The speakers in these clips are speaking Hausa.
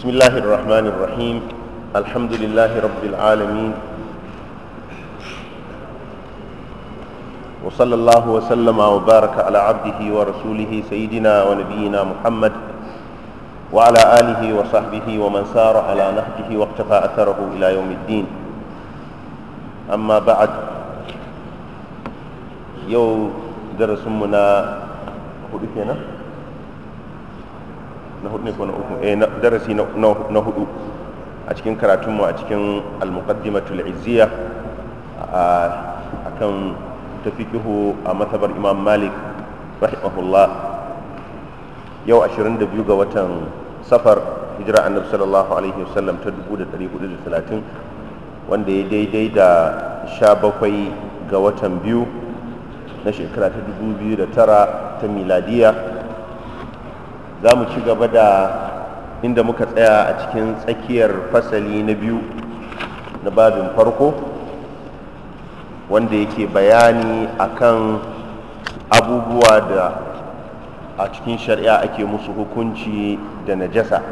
بسم الله الرحمن الرحيم الحمد لله رب العالمين وصلى الله وسلم وبارك على عبده ورسوله سيدنا ونبينا محمد وعلى آله وصحبه ومن سار على نهجه واقتفى أثره إلى يوم الدين أما بعد يوم درس منا هدفنا hudu ko na uku eh darasi na hudu a cikin karatunmu a cikin al-muqaddimatul izziya akan tafiqihu a masabar imam malik rahimahullah yau 22 ga watan safar hijira annabi sallallahu alaihi wasallam ta 1430 wanda ya daidai da 17 ga watan biyu na shekara ta 2009 ta miladiya za mu ci gaba da inda muka tsaya a cikin tsakiyar fasali na biyu na babin farko wanda yake bayani akan abubuwa da a cikin shari'a ake musu hukunci da najasa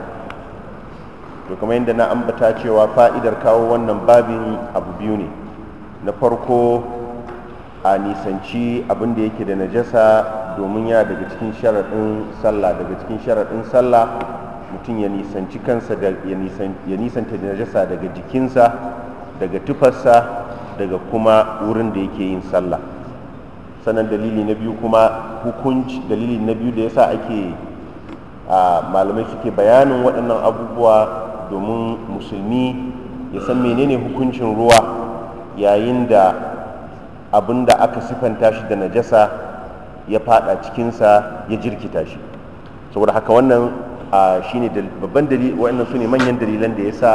to kamar yadda na ambata cewa fa'idar kawo wannan babin abu biyu ne na farko a nisanci abin da yake da najasa domin ya daga cikin sharaɗin sallah daga cikin sharaɗin sallah mutum ya nisanci kansa ya nisanta najasa daga jikinsa daga tufarsa daga kuma wurin da yake yin sallah sannan dalili na biyu kuma hukunci dalili na biyu da yasa ake malamai suke bayanin waɗannan abubuwa domin musulmi ya san menene hukuncin ruwa yayin da abin da aka sifanta shi da najasa ya fada cikinsa ya jirkita shi saboda haka wannan shine babban dalili wa'annan su ne manyan dalilan da ya sa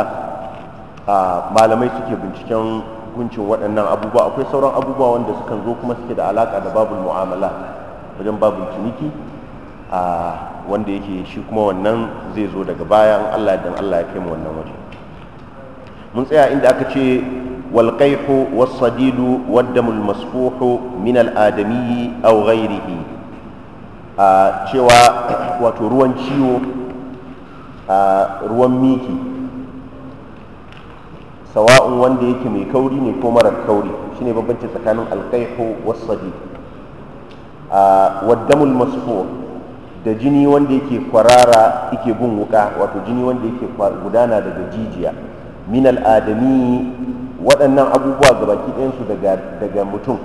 malamai suke binciken hukuncin waɗannan abubuwa akwai sauran abubuwa wanda sukan zo kuma suke da alaka da babul mu'amala wajen babul ciniki wanda yake shi kuma wannan zai zo daga baya allah dan allah ya kai mu wannan waje mun tsaya inda aka ce والقيح والصديد والدم المسفوح من الآدمي أو غيره cewa wato ruwan ciwo ruwan miki sawa'un wanda yake mai kauri ne ko marar kauri shine bambanci tsakanin alkaihu wasadi a waddamul masfur da jini wanda ke kwarara yake gun wuka wato jini wanda yake gudana daga jijiya min al'adami waɗannan abubuwa gabaki ɗayansu daga mutum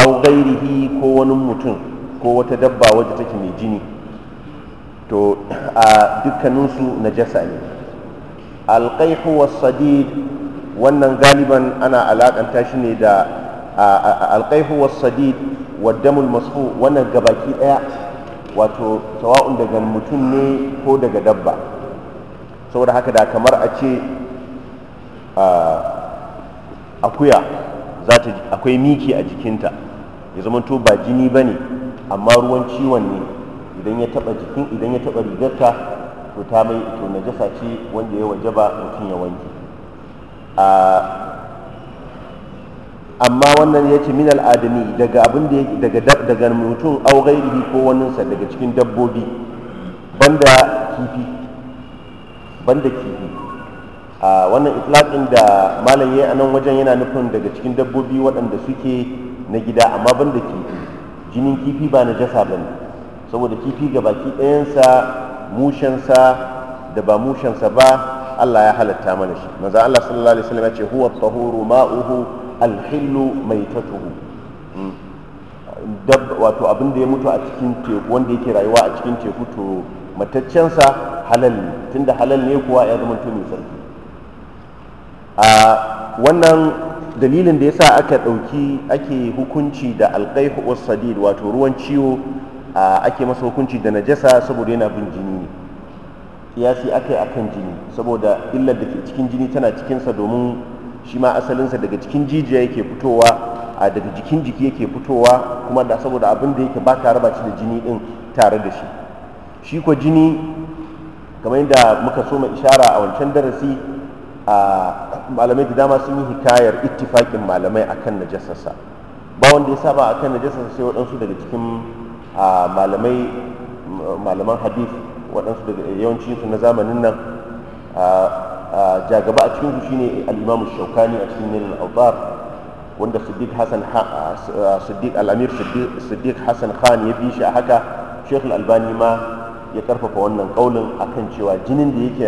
au gairihi ko wani mutum ko wata dabba wadda take mai jini to a dukkaninsu na jasa ne alƙaihu sadid wannan galiban ana alaƙanta shi ne da alƙaihu wa Damul masu wannan gabaki ɗaya wato sawa'un daga mutum ne ko daga dabba saboda haka da kamar a ce akuya akwai miki a jikinta ya zama to ba jini ba ne amma ruwan ciwon ne idan ya taba jikin idan ya taba rigarta to ta mai to najasa ce wanda ya waje ba mutum ya wanke amma wannan ya ce min al'adami daga abin da daga daga mutum au ghairihi ko waninsa daga cikin dabbobi banda kifi banda kifi a wannan itlaqin da malam yayi a nan wajen yana nufin daga cikin dabbobi waɗanda suke na gida amma ban da kifi jinin kifi ba na jasa bane saboda kifi ga baki ɗayansa mushensa da ba mushensa ba Allah ya halatta mana shi manzo Allah sallallahu alaihi wasallam ya ce huwa tahuru ma'uhu alhillu maitatuhu hmm. dab wato abin da ya mutu a cikin teku wanda yake rayuwa a cikin teku to mataccensa halal ne tunda halal ne kuwa ya zama to mai sarki a wannan dalilin da ya sa aka ɗauki ake hukunci da alƙaihu sadid wato ruwan ciwo ake masa hukunci da najasa saboda yana bin jini ne kiyasi aka yi akan jini saboda illar da ke cikin jini tana cikinsa domin shi ma asalinsa daga cikin jijiya yake fitowa a daga jikin jiki yake fitowa kuma da saboda abin da yake ba ka raba da jini din tare da shi shi ko jini kamar yadda muka so mai ishara a wancan darasi a malamai da dama sun yi hikayar ittifaƙin malamai akan najasarsa ba wanda ya saba akan najasarsa sai waɗansu daga cikin malamai malaman hadith waɗansu daga yawancin su na zamanin nan jagaba a cikin su shine al-imamu shaukani a cikin nilin autar wanda siddiq hasan siddiq al-amir siddiq hasan khan ya bi shi a haka shaykh al-albani ma ya karfafa wannan kaulin akan cewa jinin da yake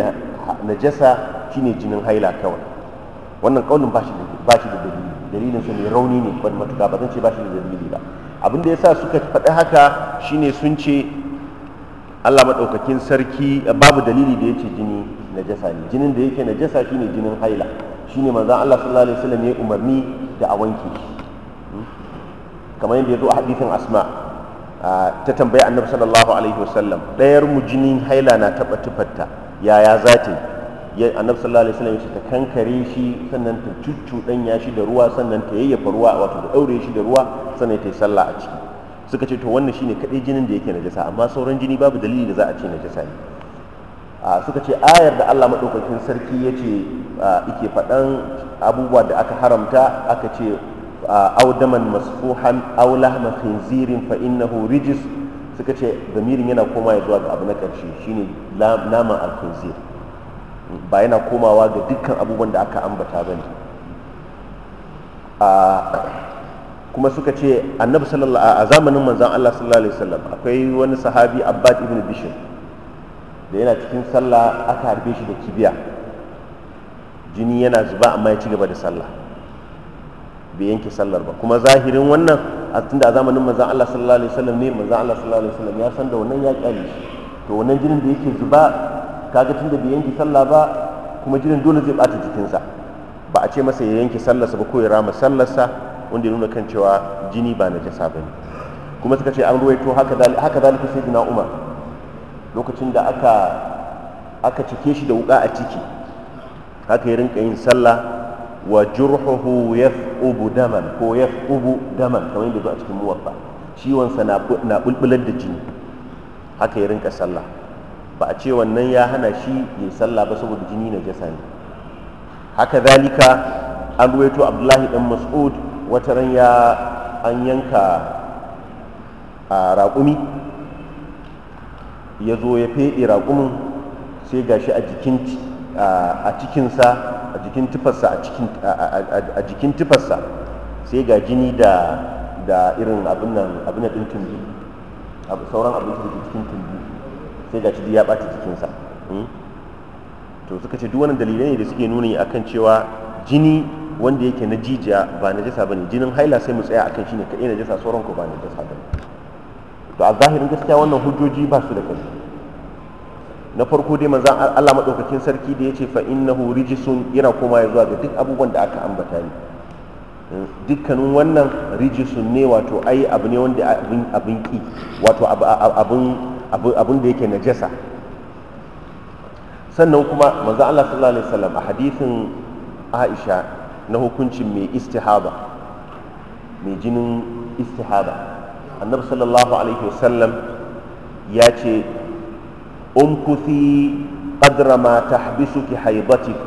najasa shine jinin haila kawai wannan kaulin ba shi da dalili dalilin su ne rauni ne ban matuka ba zan ce ba shi da dalili ba abin da yasa suka faɗi haka shine sun ce Allah maɗaukakin sarki babu dalili da yace jini jasa ne jinin da yake shi shine jinin haila shine manzan Allah sallallahu alaihi wasallam ya umarni da a wanke shi kamar yadda ya zo a hadisin asma ta tambayi annabi sallallahu alaihi wasallam ɗayar mu jinin haila na taɓa tufarta yaya za ta yi ya annabi sallallahu alaihi wasallam ta kankare shi sannan ta ya shi da ruwa sannan ta yayyafa ruwa wato ta daure shi da ruwa sannan ta yi sallah a ciki suka ce to wannan shine kadai jinin da yake najasa amma sauran jini babu dalili da za a ce najasa ne a suka ce ayar da Allah madaukakin sarki yace yake faɗan abubuwa da aka haramta aka ce aw daman masfuhan aw lahma khinzirin fa innahu rijis suka ce damirin yana koma ya zuwa ga abu na ƙarshe shine naman al-khinzir ba yana komawa ga dukkan abubuwan da aka ambata ba ne kuma suka ce annabi sallallahu a zamanin manzan Allah sallallahu alaihi wasallam akwai wani sahabi abbad ibn bishr da yana cikin sallah aka harbe shi da kibiya jini yana zuba amma ya ci gaba da sallah bai yanke sallar ba kuma zahirin wannan a tunda a zamanin manzan Allah sallallahu alaihi wasallam ne manzan Allah sallallahu alaihi wasallam ya san da wannan ya kyale shi to wannan jinin da yake zuba kaga tunda bai yanke sallah ba kuma jinin dole zai bata jikinsa ba a ce masa ya yanke sallarsa ba ko ya rama sallarsa wanda ya nuna kan cewa jini ba na jasa bane kuma suka ce an ruwaito haka zalika sai dina umar lokacin da aka aka cike shi da wuka a ciki haka ya rinka yin sallah wa jurhuhu yaf'ubu daman ko yaf'ubu daman kamar yadda zo a cikin muwaffa ciwon sa na bulbular da jini haka ya rinka sallah ba a ce wannan ya hana shi ya sallah ba saboda jini na jasa ne haka zalika an ruwaito abdullahi dan mas'ud wata ran ya an yanka a raƙumi ya zo ya feɗe raƙumin sai gashi a jikin a cikinsa a jikin tufarsa a jikin tufarsa sai ga jini da irin abin da abin tumbi sauran abin da cikin tumbi sai ga shi ya ɓata jikinsa hmm? to suka ce duk wani dalilai ne da suke nuni akan cewa jini wanda yake na jijiya ba na jasa ne jinin haila sai mu tsaya akan ne kaɗai na jasa sauran ku ba na jasa ne to a zahirin gaskiya wannan hujjoji ba su da kai na farko dai manzan Allah maɗaukakin sarki da ya ce fa innahu rijisun yana koma ya zuwa ga duk abubuwan da aka ambata ne dukkanin wannan rijisun ne wato ai abu ne wanda abin ki wato abin da yake najasa sannan kuma manzo Allah sallallahu alaihi wasallam a hadisin Aisha na hukuncin mai istihaba mai jinin istihaba annabi sallallahu alaihi wasallam ya ce umkuthi qadra ma tahbisuki haibatuki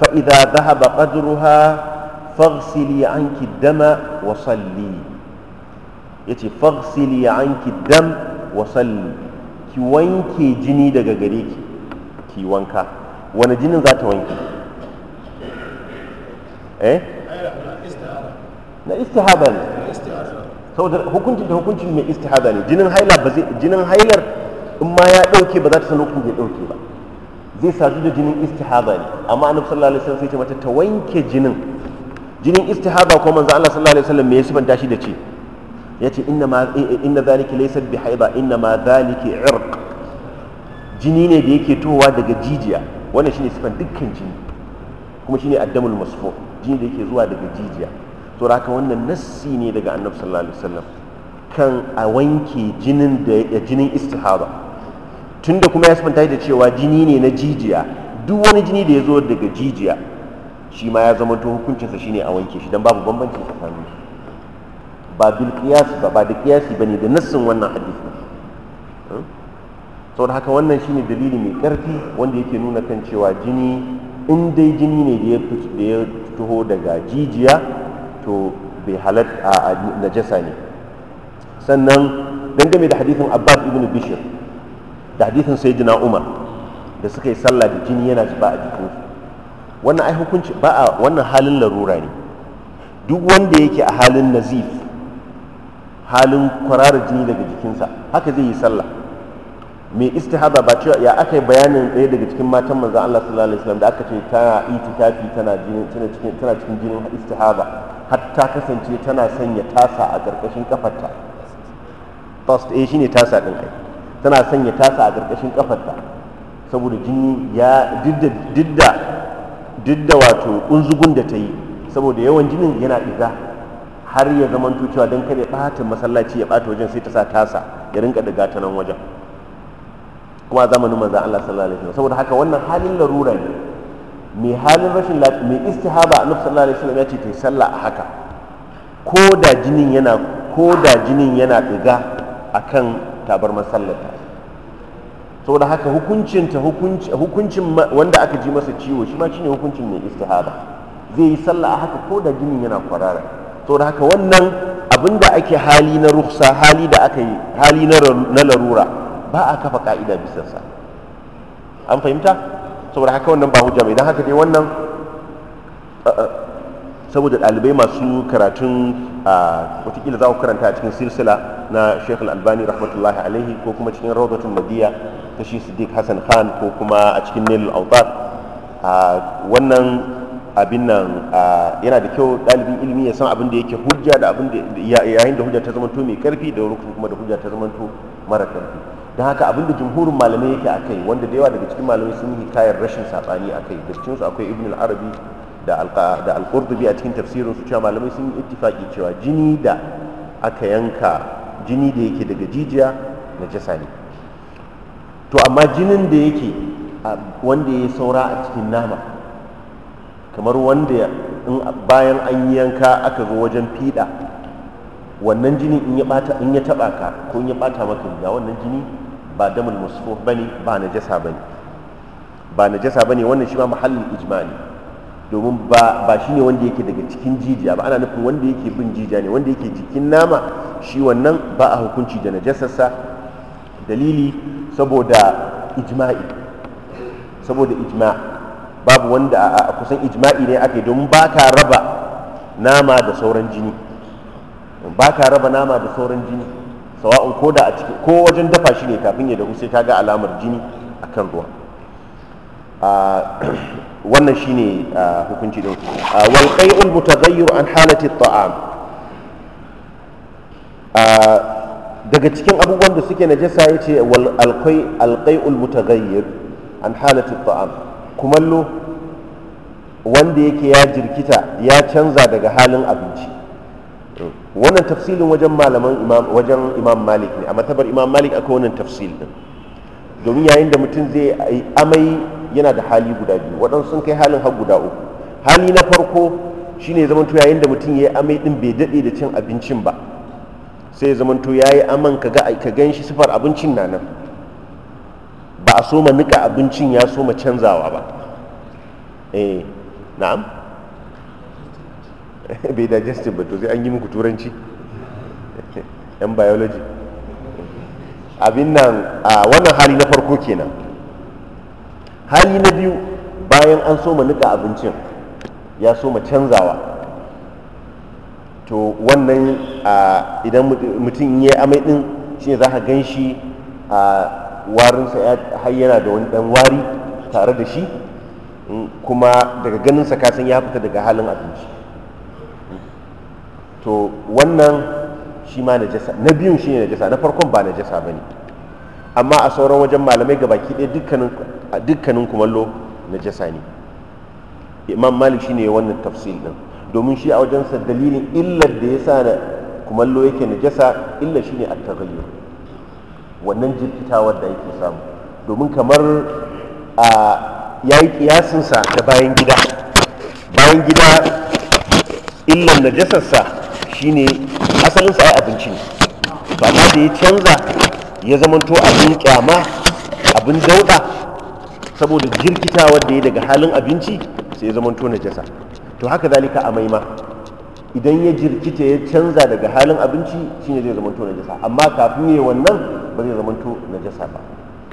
فإذا ذهب قدرها فاغسلي عنك الدم وصلي يتي فاغسلي عنك الدم وصلي ki wanke jini daga gare ki ki wanka wani jinin za wanke na istihaba ne hukuncin da hukuncin mai istihaba ne jinin haila ba jinin hailar in ma ya dauke ba za ta san lokacin ya dauke ba zai sadu da jinin istihaba ne amma annabi sallallahu alaihi wasallam sai ce mata ta wanke jinin jinin istihaba ko manzo Allah sallallahu alaihi wasallam me ya sifanta shi da ce yace inna ma eh, eh, inna zalika laysa bi haida inna ma zalika irq jini ne da yake towa daga jijiya wannan shine sifan dukkan jini kuma shine addamul masfu jini da yake zuwa daga jijiya to haka wannan nassi ne daga annabi sallallahu alaihi wasallam kan a wanke jinin da jinin istihaba tunda kuma ya sabanta da cewa jini ne na jijiya duk wani jini da ya zo daga jijiya shi ma ya zama to hukuncinsa shine a wanke shi dan babu bambanci tsakanin su ba bil qiyas ba ba da qiyasi bane da nassin wannan hadisi hmm? saboda haka wannan shine dalili mai karfi wanda yake nuna kan cewa jini in dai jini ne da ya fito daga jijiya to bai halatta a najasa ne sannan dangane da hadisin Abbas ibn Bishr da hadisin sayyidina umar da suka yi sallah da jini yana zuba a jikinsu wannan ai hukunci ba a wannan halin larura ne duk wanda yake a halin nazif halin kwarara jini daga jikinsa haka zai yi sallah mai istihaba ba cewa ya aka yi bayanin ɗaya daga cikin matan manzan Allah sallallahu alaihi wasallam da aka ce tana itikafi tana jinin tana cikin tana cikin jinin istihaba har ta kasance tana sanya tasa a ƙarƙashin kafarta tast eh shine tasa din aiki tana sanya tasa a ƙarƙashin ƙafarta saboda jini ya didda didda wato unzugun da ta yi saboda yawan jinin yana ɗiga har ya zama cewa don kada ya ɓata masallaci ya ɓata wajen sai ta sa tasa ya rinka daga ta nan wajen kuma zamanin maza Allah sallallahu alaihi wasallam saboda haka wannan halin larura ne mai halin rashin lafiya mai istihaba annabi sallallahu alaihi wasallam ya ce ta yi sallah a haka ko da jinin yana ko da jinin yana akan bar masallata sau da haka hukuncinta hukuncin wanda aka ji masa ciwo shi ma shine hukuncin mai istihada zai yi sallah a haka ko da ginin yana kwarara da haka wannan abin da ake hali na ruksa hali da aka yi hali na larura ba a kafa ka'ida bisansa an fahimta saboda haka wannan ba hujja mai don haka dai wannan saboda dalibai masu karatun watakila za ku karanta a cikin silsila na shekul albani rahmatullahi alaihi ko kuma cikin rawdatul madiya ta shi siddiq hassan khan ko kuma a cikin nailul autar wannan abin nan yana da kyau dalibin ilimi ya san abin da yake hujja da abin da yayin da hujja ta zamanto mai karfi da rukun kuma da hujja ta zamanto mara karfi don haka abin da jumhurin malamai yake akai wanda da yawa daga cikin malamai sun yi hikayar rashin saɓani akai da cikinsu akwai ibn al-arabi da al a cikin tafsirin su cewa malamai sun yi ittifaki cewa jini da aka yanka jini da yake daga jijiya na jasa ne to amma jinin da yake wanda ya saura a cikin nama kamar wanda bayan an yi yanka aka zo wajen fiɗa wannan jini in ya bata ka ko in ya bata maka ga wannan jini ba damul musfuh bane ba najasa bane ba najasa bane wannan shi ma mahallin ijma ne domin ba shi ne wanda yake daga cikin jijiya ba ana nufin wanda yake bin jijiya ne wanda yake jikin nama shi wannan ba a hukunci da najasarsa dalili saboda ijma'i saboda ijma babu wanda a kusan ijma'i ne ake domin ba ka raba nama da sauran jini ba ka raba nama da sauran jini sawa'un ko da a cikin ko wajen dafa shi ne kafin ya dahu sai ka ga alamar jini akan ruwa Uh, wannan shi ne uh, hukunci din uh, walƙai qai'ul zayyar an halatta ta'am daga cikin abubuwan da suke najasa ya ce alqai alqai'ul zayyar an halati kuma kumallo wanda yake ya jirkita ya canza daga halin abinci wannan tafsilin wajen malaman wajen imam malik ne a matabar imam malik akwai wannan tafsil domin yayin da mutum zai amai yana da hali guda biyu waɗansu sun kai halin har guda uku hali na farko shine to yayin da mutum ya yi amai ɗin bai daɗe da cin abincin ba sai ya zamanto ya yi aman ka ka gan shi sifar abincin na nan ba a soma nika abincin ya soma canzawa ba eh na'am bai digestive ba to sai an yi muku turanci yan biology abin nan a wannan hali na farko kenan hali na biyu bayan an soma nika abincin ya soma canzawa to wannan idan mutum ya amai din ne za ka gan shi a warinsa har yana da wani dan wari tare da shi kuma daga ganinsa kasan ya fita daga halin abinci to wannan shi ma na jasa na biyun shi ne na jasa na farkon ba na jasa ba ne amma a sauran wajen malamai gabaki ɗaya dukkanin a dukkanin kumallo na jasa ne imam malik ne wannan tafsil din domin shi a wajensa dalilin illar da ya sa na kumallo yake na jasa illar shi ne a taghayyur wannan jirkitawar da yake samu domin kamar a yi kiyasinsa da bayan gida bayan gida illar na jasarsa najasarsa shine asalinsa ya abinci ne ba ma da ya canza ya zamanto abin kyama abin dauda saboda jirkitawa da ya daga halin abinci sai ya zamanto najasa to haka zalika a maima idan ya jirkita ya canza daga halin abinci shine zai zamanto najasa amma kafin yayi wannan ba zai zamanto najasa ba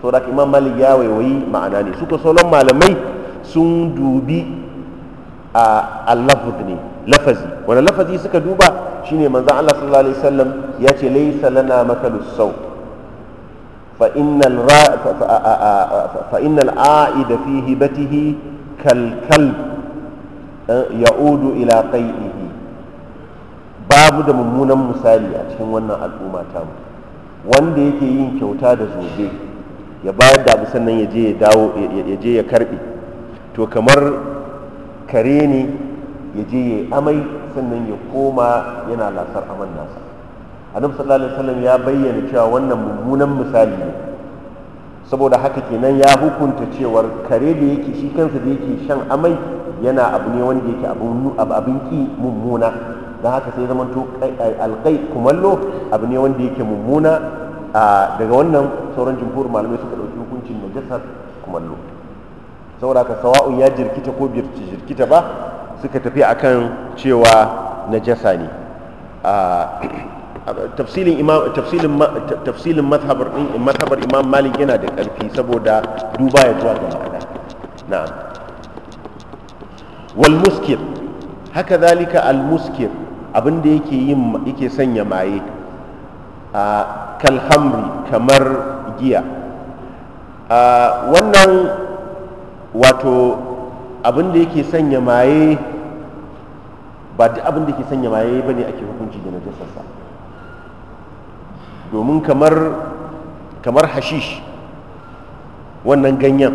to da imam malik ya waiwayi ma'ana ne suka sauran malamai sun dubi a allafud ne lafazi wani lafazi suka duba shine ne Allah sallallahu alaihi wasallam ya ce laisa lana makalus sau فإن فإن العائد في هبته كالكلب يعود إلى قيئه babu da mumunan misali a cikin wannan al'umma tamu wanda yake yin kyauta da zobe ya bayar da abu sannan ya je ya dawo to kamar kare ne ya je ya amai sannan ya koma yana lasar aman nasa annabi sallallahu alaihi wasallam ya bayyana cewa wannan mummunan misali ne saboda haka kenan ya hukunta cewar kare da yake shi kansa da yake shan amai yana abu ne wanda yake abin ki mummuna don haka sai zaman to alkai kumallo abu ne wanda yake mummuna daga wannan sauran jumhur malamai suka ɗauki hukuncin najasar kumallo saboda haka sawa'un ya jirkita ko bai jirkita ba suka tafi akan cewa najasa ne tafsilin imam tafsilin tafsilin mazhabar mazhabar imam malik yana da karfi saboda duba ya zuwa ga ma'ana na'am wal muskir haka zalika al muskir abin da yake yin yake sanya maye a hamri, kamar giya wannan wato abin da yake sanya maye ba duk abin da yake sanya maye ba ne ake hukunci da najasarsa domin kamar hashish wannan ganyen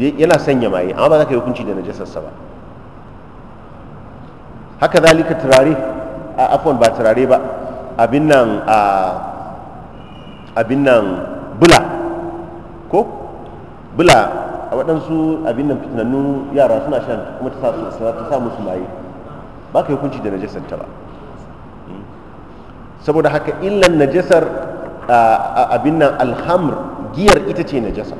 yana sanya maye amma ba za ka yi hukunci da najasarsa ba haka zalika turare a afon ba turare ba abin nan a abin nan bula ko bula a waɗansu abin nan fitinannu yara suna shan kuma ta sa musu maye ba ka yi hukunci da najasarta ba saboda haka illan najasar abin nan alhamr giyar ita ce najasa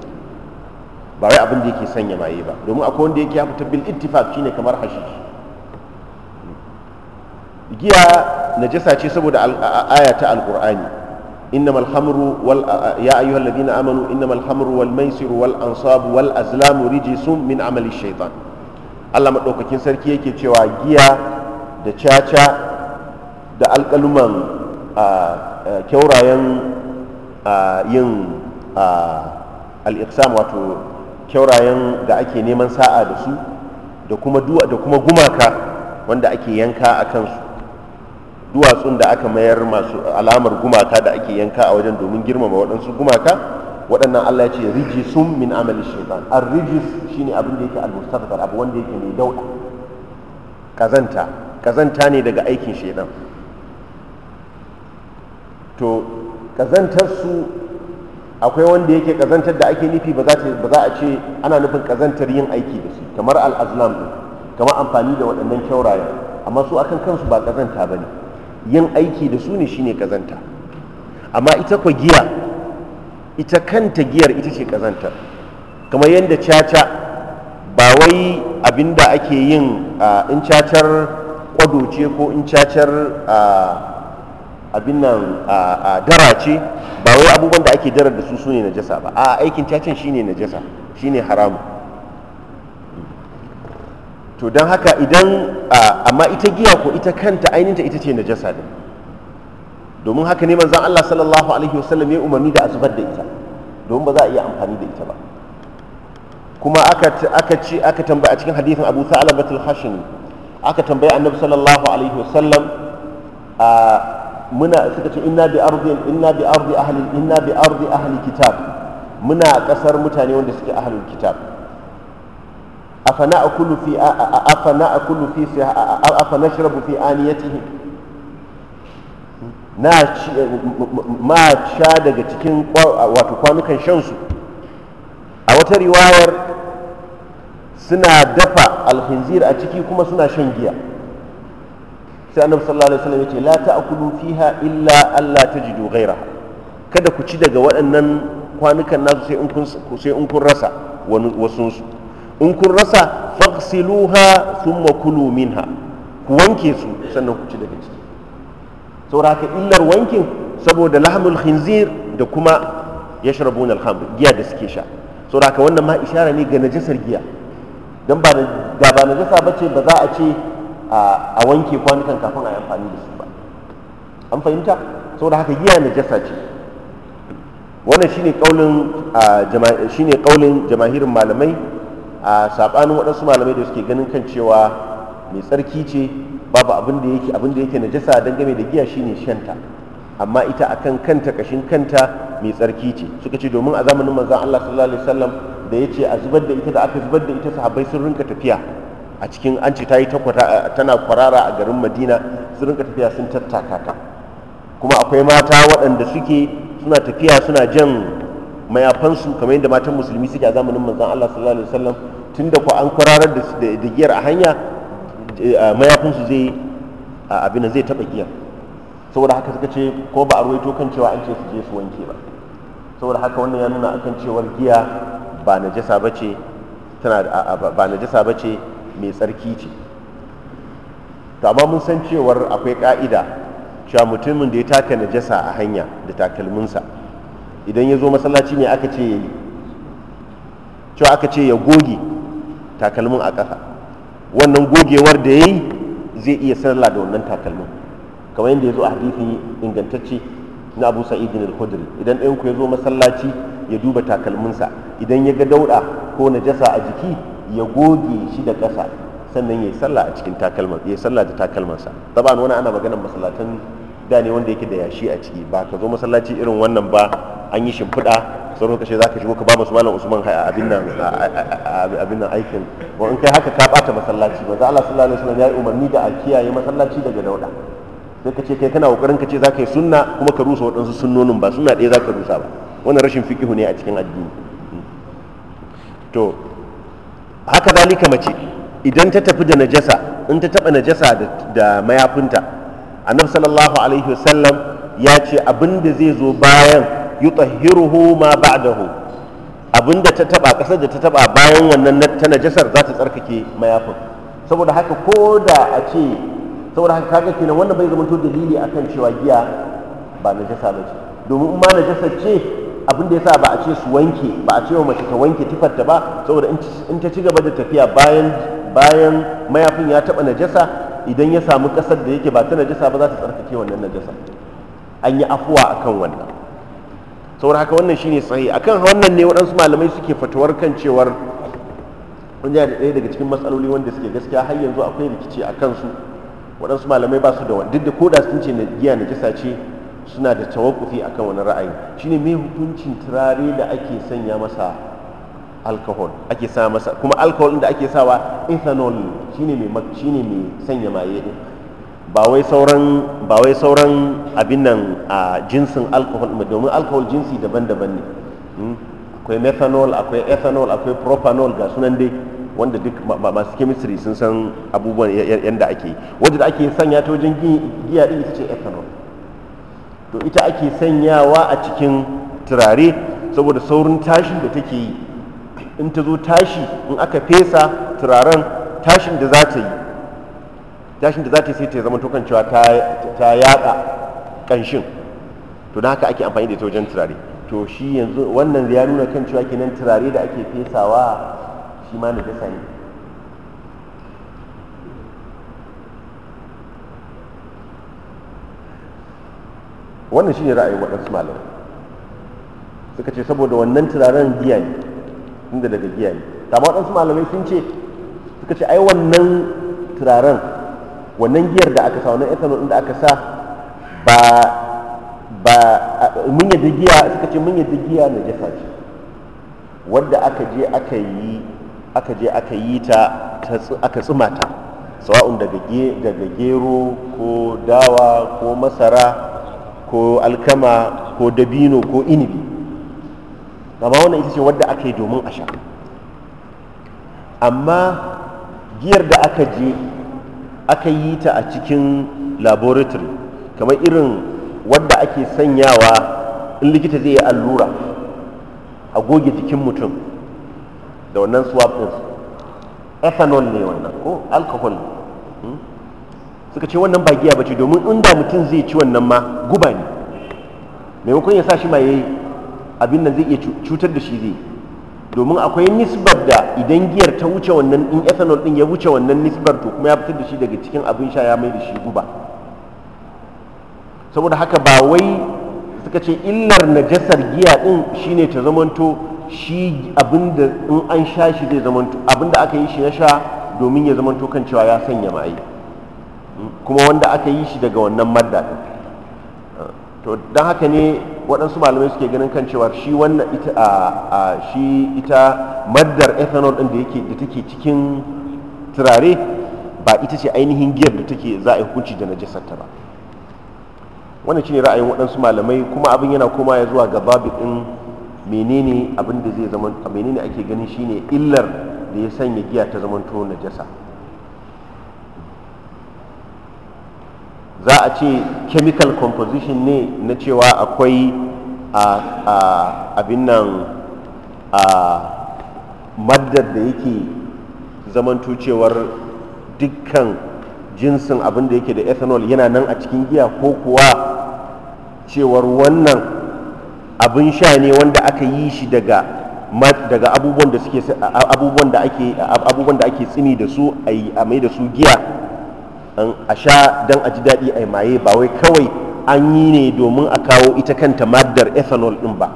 ba wai abin da yake sanya maye ba domin akwai wanda yake ya fita bil ittifaq shine kamar hashish giya najasa ce saboda aya ta alqur'ani ya الخمر وال... amanu innama wal wal إنما wal ansabu, wal azlamu, rijisun min amali shaytan Allah madaukakin sarki yake cewa giya da caca da alkaluman. kyaurayen yin al'iksam wato kyaurayen da ake neman sa'a da su da kuma da kuma gumaka wanda ake yanka a kansu duwatsun da aka mayar masu alamar gumaka da ake yanka a wajen domin girmama waɗansu gumaka waɗannan Allah ya ce rijisun min amali shaitan ar rijis shine abin da yake al abu wanda yake mai dauka kazanta kazanta ne daga aikin shaitan to su akwai wanda yake kazantar da ake nufi ba za a ce ana nufin kazantar yin aiki da su kamar al'azlam din kamar amfani da waɗannan kyauraye amma su akan kansu ba kazanta ba ne yin aiki da su ne shine kazanta. amma ita kwa giya ita kanta giyar ita ce ƙazantar kamar yadda caca ba wai abinda ake yin in cacar kwado ce ko in cacar abin nan a dara ce ba wai abubuwan da ake darar da su su ne jasa ba a aikin cacin shine shi shine haramu to don haka idan amma ita giya ko ita kanta ainihinta ita ce na jasa din domin haka ne zan Allah sallallahu alaihi wasallam ya umarni da a zubar da ita domin ba za a iya amfani da ita ba kuma aka ci aka tambaya a cikin hadithin Abu batul Hashimi aka tambaya Annabi sallallahu alaihi wasallam a muna suka ce inna bi ardi inna bi ardi ahli inna bi ardi ahli kitab muna kasar mutane wanda suke ahlul kitab afana akulu fi afana akulu fi afana shrabu fi aniyatihi na eh, ma sha daga cikin wato kwanukan shansu a wata riwayar suna dafa alhinzir a ciki kuma suna shan giya sai annabi sallallahu alaihi wasallam yace la ta'kulu fiha illa alla tajidu ghayraha kada ku ci daga waɗannan kwanukan nasu sai in kun sai in kun rasa wasun su in kun rasa faghsiluha thumma kulu minha ku wanke su sannan ku ci daga ciki saboda ka illar wankin saboda lahmul khinzir da kuma yashrabuna al-khamr giya da suke sha saboda ka wannan ma isharar ne ga najasar giya dan ba da ba najasa bace ba za a ce a wanke kwanukan kafin a yi amfani da su ba an fahimta saboda haka giya jasa ce wannan shine kaulin shine kaulin jamahirin malamai a sabanin waɗansu malamai da suke ganin kan cewa mai tsarki ce babu abin da yake abin da yake najasa dangane da giya shine shanta amma ita akan kanta kashin kanta mai tsarki ce suka ce domin a zamanin manzon Allah sallallahu alaihi wasallam da yace a zubar da ita da aka zubar da ita sahabbai sun rinka tafiya a cikin an ce ta yi tana kwarara a garin madina su rinka tafiya sun tattaka ta kuma akwai mata waɗanda suke suna tafiya suna jan mayafansu kamar yadda matan musulmi suke a zamanin manzan Allah sallallahu alaihi wasallam da ko an kwararar da giyar a hanya eh, mayafansu zai abin zai taɓa giyar saboda haka suka ce ko ba a ruwaito kan cewa an ce su je su wanke ba saboda haka wannan ya nuna akan cewar giya ba najasa bace tana ba najasa mai tsarki ce to amma mun san cewar akwai ka'ida cewa mutumin da ya taka najasa a hanya da takalminsa idan ya zo masallaci ne aka ce ya yi cewa aka ce ya goge takalmin a ƙasa wannan gogewar da ya yi zai iya sallah da wannan takalmin kamar yadda ya zo a hadithi ingantacce na abu bin al-khudri idan ɗayan ku ya zo masallaci ya duba takalminsa idan ya ga dauɗa ko najasa a jiki ya goge shi da ƙasa sannan ya yi sallah a cikin takalma ya yi sallah da takalmansa taban wani ana maganar masallatan da ne wanda yake da yashi a ciki ba ka zo masallaci irin wannan ba an yi shimfiɗa sauran kashe za ka shigo ka ba musu malam usman a abin nan abin aikin wa in kai haka ka ɓata masallaci ba Allah sallallahu alaihi wasallam ya yi umarni da a kiyaye masallaci daga dauda sai ka ce kai kana ƙoƙarin ka ce za ka yi sunna kuma ka rusa waɗansu sunnonin ba sunna ɗaya za ka rusa ba wannan rashin fikihu ne a cikin addini to haka zalika mace idan ta tafi da najasa in ta taba najasa da mayafinta annabi sallallahu alaihi wasallam ya ce abinda zai zo bayan yutahhiruhu ma ba'dahu abinda ta taba kasar da ta taba bayan wannan ta najasar za ta tsarkake mayafin saboda haka ko da a ce saboda haka kaga kenan wannan bai zama to dalili akan cewa giya ba najasa ba ce domin ma najasa ce abin da ya sa ba a ce su wanke ba a ce wa mace ta wanke tufarta ba saboda in ta ci gaba da tafiya bayan bayan mayafin ya taɓa najasa idan ya samu ƙasar da yake ba ta najasa ba za ta tsarkake wannan najasa an yi afuwa akan wannan saboda haka wannan shine sahi akan wannan ne waɗansu malamai suke fatuwar kan cewar wanda da ɗaya daga cikin matsaloli wanda suke gaskiya har yanzu akwai rikici a kansu waɗansu malamai ba su da wani duk da koda sun ce giya najasa ce suna da a akan wani ra'ayi shine mai hukuncin turare da ake sanya masa alkohol ake sa masa kuma alkohol da ake sawa ethanol shine mai ne mai sanya maye din ba wai sauran ba wai sauran abin nan a jinsin mai domin alkohol jinsi daban-daban ne hmm? akwai methanol akwai ethanol akwai propanol ga sunan dai wanda duk masu chemistry sun san abubuwan yadda ake wanda da ake sanya ta wajen giya din ita ce ethanol to ita ake sanyawa a cikin turare saboda saurin tashin da take yi in ta zo tashi in aka fesa turaren tashin da za ta yi tashin da za ta yi sai ta zama tokan cewa ta yada kanshin to da haka ake amfani da ita wajen turare to shi yanzu wannan ya nuna kan cewa kenan turare da ake fesawa shi ma na najasa ne wannan shi ne ra'ayin waɗansu malamai suka ce saboda wannan turaren giya ne inda daga giya ne amma waɗansu malamai sun ce suka ce ai wannan turaren wannan giyar da aka sa wannan ethanol ɗin da aka sa ba ba mun yadda giya suka ce mun yadda giya na jasa ce wadda aka je aka yi aka je aka yi ta aka tsuma ta sawa'un daga gero ko dawa ko masara ko alkama ko dabino ko inibi amma wannan ita ce wadda aka yi domin a sha amma giyar da aka je aka yi ta a cikin laboratory kamar irin wadda ake sanyawa in likita zai yi allura a goge jikin mutum da wannan swab ethanol ne wannan ko alcohol ne suka ce wannan ba giya bace domin da mutum zai ci wannan ma guba ne maimakon ya sa shi ma yayi abin nan zai iya cutar da shi zai domin akwai nisbar da idan giyar ta wuce wannan in ethanol din ya wuce wannan nisbar to kuma ya fitar da shi daga cikin abin sha ya mai da shi guba saboda haka ba wai suka ce illar najasar giya din shine ta zamanto shi abinda in an sha shi zai zamanto abinda aka yi shi na sha domin ya zamanto kan cewa ya sanya ma'ai kuma wanda aka yi shi daga wannan madda to don haka ne waɗansu malamai suke ganin kan cewa shi wannan ita a shi ita maddar ethanol ɗin da yake da take cikin turare ba ita ce ainihin giyar da take za a yi hukunci da najasarta ba wannan shine ra'ayin waɗansu malamai kuma abin yana koma ya zuwa ga babu ɗin menene abin da zai zama menene ake ganin shine illar da ya sanya giya ta zamanto najasa za a ce chemical composition ne na cewa akwai abin nan a maddar da yake zamanto cewar dukkan jinsin abin da yake da ethanol yana nan a cikin giya ko kuwa cewar wannan abin sha ne wanda aka yi shi daga daga abubuwan da ake abubuwan da ake tsini da su a mai da su giya a sha don a ji daɗi a maye ba wai kawai an yi ne domin a kawo ita kanta maddar ethanol ɗin ba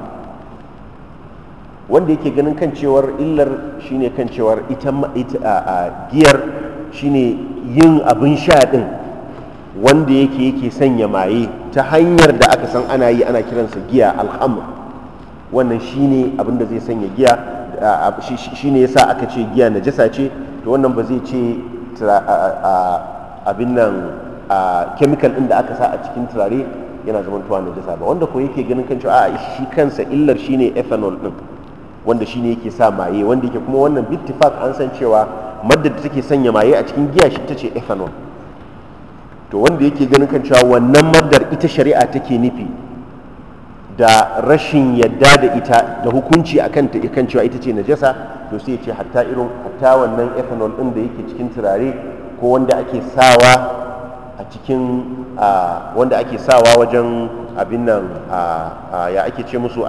wanda yake ganin kan cewar illar shine kan cewar ita a giyar shine yin abin sha ɗin wanda yake yake sanya maye ta hanyar da aka san ana yi ana kiransa giya alhamur wannan shine abin da zai sanya giya shine yasa aka ce giya najasa ce to wannan ba zai ce abin nan a chemical ɗin da aka sa a cikin turare yana zamantowa najasa ba wanda ko yake ganin kan cewa a shi kansa illar shine ethanol din wanda shine yake sa maye wanda yake kuma wannan bitifak an san cewa madda da take sanya maye a cikin giya shi tace ethanol to wanda yake ganin kan cewa wannan maddar ita shari'a take nufi da rashin yadda da ita da hukunci akan ta kan cewa ita ce najasa to sai ya ce hatta irin hatta wannan ethanol din da yake cikin turare ko wanda ake sawa a cikin wanda ake sawa wajen abin nan ya ake ce musu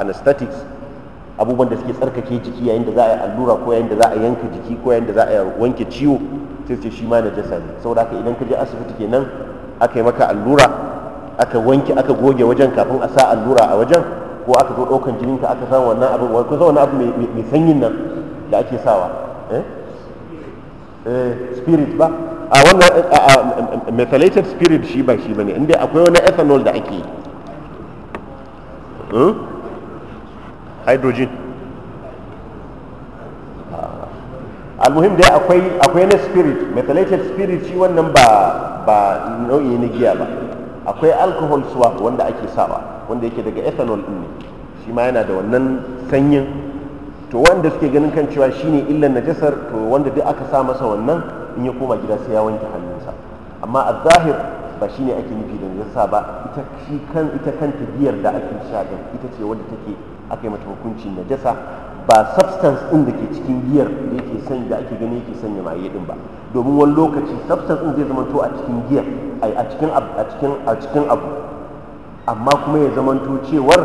anesthetics abubuwan da suke tsarkake jiki yayin da za a yi allura ko yayin da za a yanka jiki ko yayin da za a wanke ciwo sai ce shi ma na jasa ne saboda haka idan ka je asibiti kenan aka yi maka allura aka wanke aka goge wajen kafin a sa allura a wajen ko aka zo ɗaukan jininka aka sa wannan abin ko sa wannan abu mai sanyin nan da ake sawa Eh, spirit ba a wannan methylated spirit shi ba shi bane inda akwai wani ethanol da ake hmm? hydrogen ah. almuhim dai akwai akwai na spirit methylated spirit shi wannan ba ba nau'i na giya ba akwai alcohol swap wanda ake sawa wanda yake daga ethanol din ne shi ma yana da wannan sanyin to wanda suke ganin kan cewa shine illan najasar to wanda duk aka sa masa wannan in ya koma gida sai ya wanke hannunsa amma a zahir ba shine ake nufi da najasa ba ita shi kan ita kanta giyar da ake sha din ita ce wanda take aka yi mata hukuncin najasa ba substance din da ke cikin giyar da yake sanya da ake gani yake sanya maye din ba domin wani lokaci substance din zai zama to a cikin giyar a cikin a cikin a cikin abu amma kuma ya zamanto cewar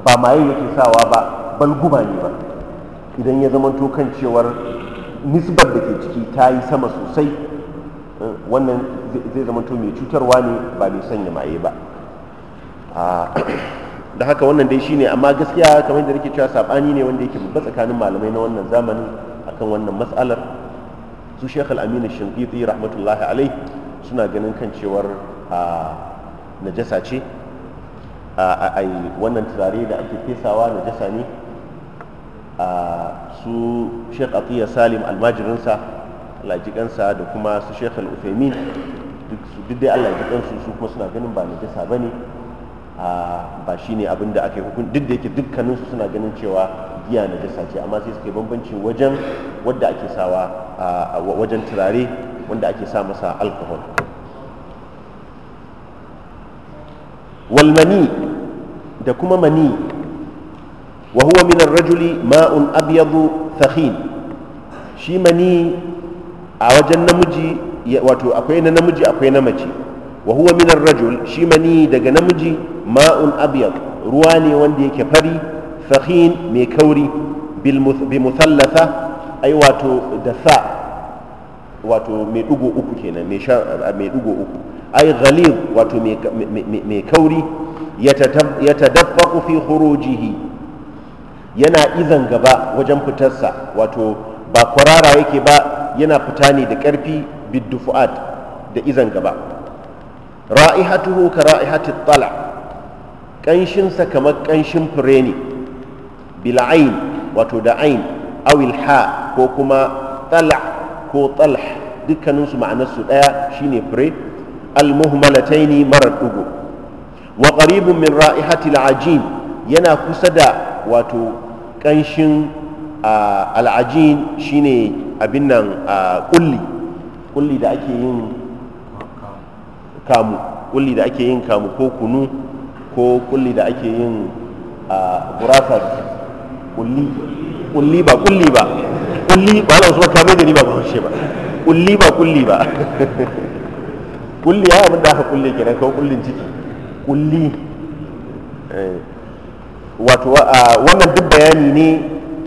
ba maye yake sawa ba bal guba ne ba idan ya zama kan cewar nisbar da ke ciki ta yi sama sosai eh, wannan zai zama to mai cutarwa ne ba mai sanya maye ba ah, da haka wannan dai shine amma gaskiya kamar da nake cewa sabani ne wanda yake babba tsakanin malamai na wannan zamanin akan wannan matsalar su shekhal amina amin rahmatullahi alai suna ganin kan cewar ah, najasa ce ah, a wannan turare da ake fesawa najasa ne su sheikh atiyya salim almajirinsa alajikansa da kuma su sheikh al'ufemin duk dai alajikansu su kuma suna ganin ba najasa ba ne ba shi ne abin da aka yi hukun duk da yake dukkaninsu suna ganin cewa giya najasa ce amma sai suke bambanci wajen wanda ake sawa wajen turare wanda ake sa masa alkohol walmani da kuma mani wa huwa min ar-rajuli abyadu thahin shi mani a wajen namiji wato akwai na namiji akwai na mace wa huwa min ar-rajul shi daga namiji ma'un abyad ruwa ne wanda yake fari thahin mai kauri bi muthallatha ai wato da sa wato mai uku kenan mai uku ai wato mai kauri fi khurujihi yana izan gaba wajen fitarsa wato ba kwarara yake ba yana fita ne da ƙarfi biddufu'at da izan gaba ra'ihatuhu ka ra'ihati tsala ƙanshinsa kamar ƙanshin fure ne bil'ain wato da ain awil ha ko kuma tsala ko tsalh dukkaninsu ma'anarsu ɗaya shine fure almuhmalataini marar ɗugo wa ƙaribin min ra'ihati al'ajin yana kusa da wato ƙanshin al'ajin ne abin nan kulli kulli da ake yin kamu kulli da ake yin kamu ko kunu ko kulli da ake yin gurasar kulli ƙulli ba kulli ba kulli ba na wasu makamai da ni ba ba ba kulli ba kulli ba kulli ya abin da aka kulle kenan kawai kullin ciki kulli eh. wato wannan duk bayani ne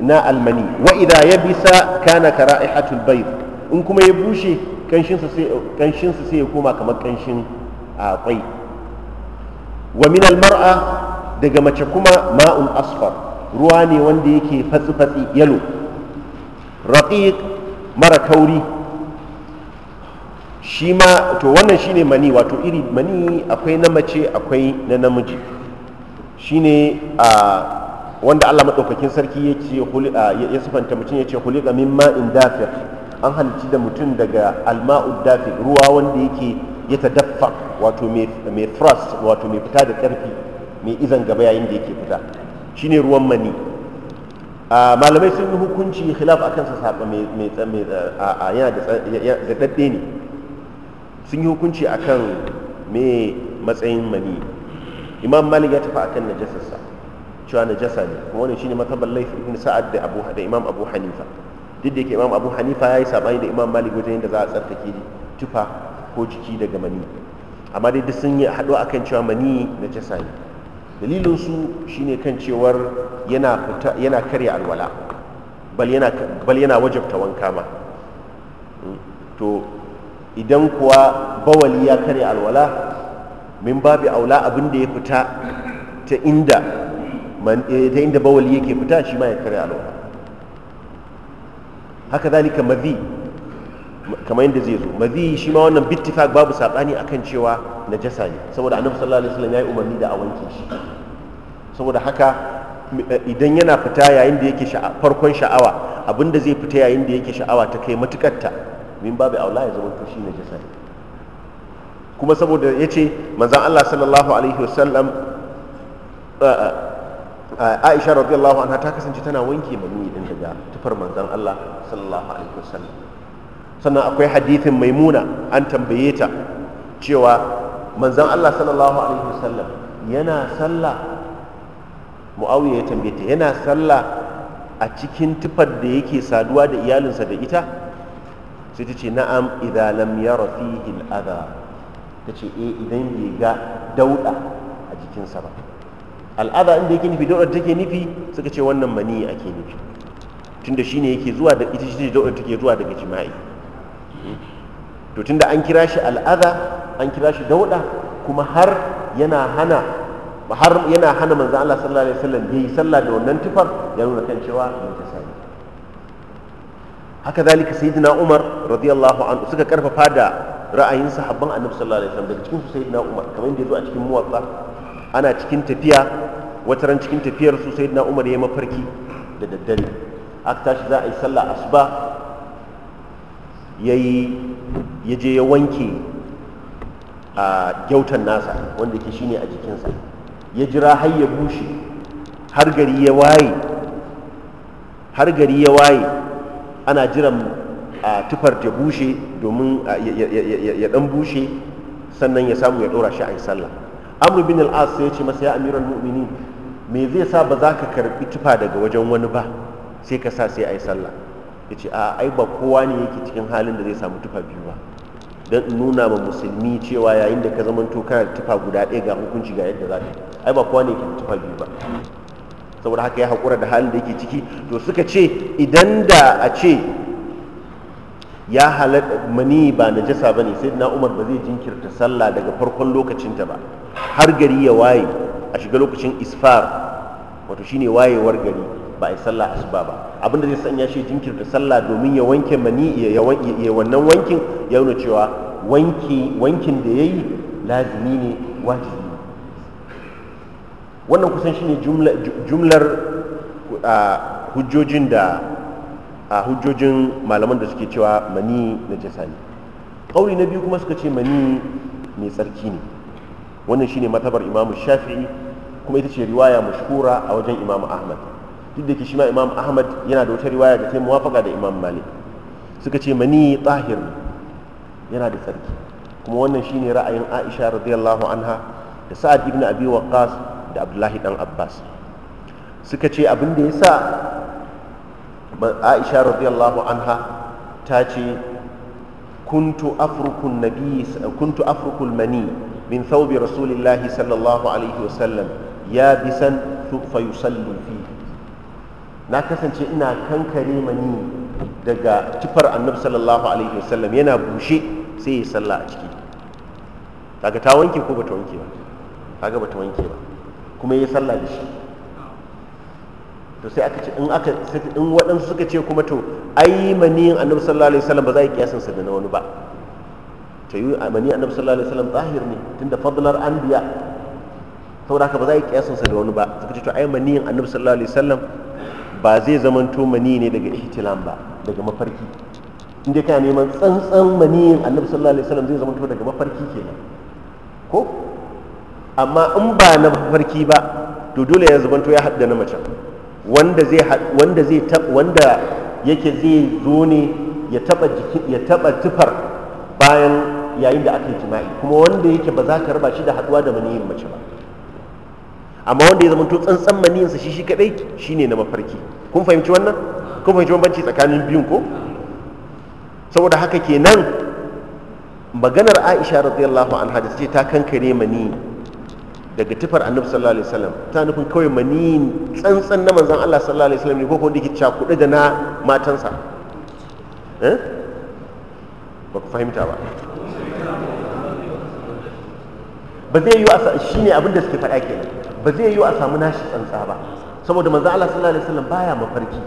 na almani wa idha yabisa kana ka ra'ihatul bayt in kuma ya bushe kanshinsa sai sai ya koma kamar kanshin kwai wa min almar'a daga mace kuma ma'un asfar ruwa ne wanda yake fatsi fatsi yalo raqiq mara kauri shi ma to wannan shine mani wato iri mani akwai na mace akwai na namiji shine a wanda Allah madaukakin sarki ya ce ya sufanta mutum ya ce hulika min ma'in dafir an halici da mutum daga alma'u dafir ruwa wanda yake ya ta dafa wato mai thrust wato mai fita da karfi mai izan gaba yayin da yake fita shine ruwan mani malamai sun yi hukunci khilaf a kansa saba mai yana da ne sun yi hukunci akan mai matsayin mani imam malik ya tafi akan najasarsa cewa najasa ne kuma wannan shine matabar laif ibn sa'ad da abu da imam abu hanifa duk da yake imam abu hanifa yayi sabani da imam malik wajen yadda za a tsarkake tufa ko jiki daga mani amma dai duk sun yi haɗu akan cewa mani najasa ne dalilin su shine kan cewar yana fita yana karya alwala bal yana bal yana wajabta wanka ma hmm. to idan kuwa bawali ya karya alwala min babi aula abin da ya fita ta inda eh, ta inda bawali yake fita shi ma ya kare alwala haka zalika mazi kamar yadda zai zo mazi shi ma wannan bittifak babu sabani akan cewa najasa ne saboda annabi sallallahu alaihi wasallam yayi umarni da a wanke shi saboda haka eh, idan yana fita yayin da yake farkon sha'awa abinda zai fita yayin da yake sha'awa ta kai matukarta min babu aula ya zama to shi najasa ne kuma saboda ya ce manzan Allah sallallahu alaihi wasallam Aisha radiyallahu anha ta kasance tana wanke manni din daga tufar manzan Allah sallallahu alaihi wasallam sannan akwai hadithin maimuna an tambaye ta cewa manzan Allah sallallahu alaihi wasallam yana sallah Muawiya ya tambaye ta yana sallah a cikin tufar da yake saduwa da iyalinsa da ita sai ta ce na'am idza lam yara fihi al ta ce eh idan bai ga dauɗa a jikinsa ba al'ada inda yake nufi dauɗa take nufi suka ce wannan mani ake nufi tunda shine yake zuwa da ita shi dauɗa take zuwa daga jima'i to tunda an kira shi al'ada an kira shi dauɗa kuma har yana hana har yana hana manzo Allah sallallahu alaihi wasallam yayi sallah da wannan tufar ya nuna kan cewa haka zalika sayyidina Umar radiyallahu anhu suka karfafa da ra'ayin sahabban annabi sallallahu alaihi wasallam daga cikin su sayyidina umar kamar yadda zo a cikin muwatta ana cikin tafiya wata ran cikin tafiyar su sayyidina umar ya mafarki da daddare aka tashi za a yi sallah asuba yayi ya je ya wanke a gyautan nasa wanda yake shine a jikinsa ya jira har ya bushe har gari ya waye har gari ya waye ana jiran a tufar ta bushe domin ya dan bushe sannan ya samu ya dora shi a yi sallah amr bin al-as sai ya ce masa ya amirar mu'minin me zai sa ba za ka karbi tufa daga wajen wani ba sai ka sa sai a yi sallah ya ce a ai ba kowa ne yake cikin halin da zai samu tufa biyu ba don nuna ma musulmi cewa yayin da ka to kana tufa guda ɗaya ga hukunci ga yadda za ka ai ba kowa ne yake tufa biyu ba saboda haka ya haƙura da halin da yake ciki to suka ce idan da a ce ya halatta mani ba na ba ne sai na umar ba zai jinkirta sallah daga farkon lokacinta ba har gari ya waye a shiga lokacin isfar wato shine wayewar gari ba a yi sallah asuba ba abinda zai sanya shi jinkirta sallah domin ya wanke mani ya wannan wankin ya nuna cewa wanki wankin da yayi lazimi ne wajibi wannan kusan shine jumlar ah, hujjojin da a hujjojin malaman da suke cewa mani na jasa ne kauri na biyu kuma suka ce mani mai tsarki ne wannan shine matabar imamu shafi'i kuma ita ce riwaya mashhura a wajen imamu ahmad duk da ke shi ma imam ahmad yana da wata riwaya da ta muwafaka da imam malik suka ce mani tahir yana da tsarki kuma wannan shine ra'ayin aisha radiyallahu anha da sa'ad ibn abi waqqas da abdullahi dan abbas suka ce abin da ya sa aisha radiyallahu anha ta ce kuntu afrukun nabi kuntu afrukul mani min thawbi rasulillahi sallallahu alaihi wasallam ya bisan fa yusalli fi na kasance ina kankare mani daga tufar annabi sallallahu alaihi wasallam yana bushe sai ya sallah a ciki kaga ta wanke ko bata wanke ba kaga bata wanke ba kuma ya sallah da shi to sai aka ce in aka in waɗansu suka ce kuma to ai maniyin annabi sallallahu alaihi wasallam ba za a yi kiyasin sa da na wani ba to yi maniyin annabi sallallahu alaihi wasallam zahir ne tunda fadlar anbiya saboda haka ba za a yi kiyasin sa da wani ba suka ce to ai maniyin annabi sallallahu alaihi wasallam ba zai zamanto mani ne daga ihtilam ba daga mafarki inda kana neman tsantsan maniyin annabi sallallahu alaihi wasallam zai zamanto daga mafarki kenan ko amma in ba na mafarki ba to dole ya zamanto ya haɗu da na mace wanda zai wanda yake zai zo ne ya taba jiki ya taba tufar bayan yayin da aka yi jima'i kuma wanda yake ba za ka raba shi da haduwa da maniyin mace ba amma wanda ya zama to tsantsan maniyin sa shi shi kadai shine na mafarki kun fahimci wannan kun fahimci bambanci tsakanin biyun ko saboda haka kenan maganar Aisha radiyallahu anha da ce ta kankare maniyi daga tufar annabi sallallahu alaihi wasallam ta nufin kawai mani tsantsan na manzon Allah sallallahu alaihi wasallam ne ko wanda yake cakuɗe da na matansa eh ba ku fahimta ba ba zai yi a shine abin da suke faɗa kenan ba zai yi a samu nashi tsantsa ba saboda manzon Allah sallallahu alaihi wasallam baya mafarki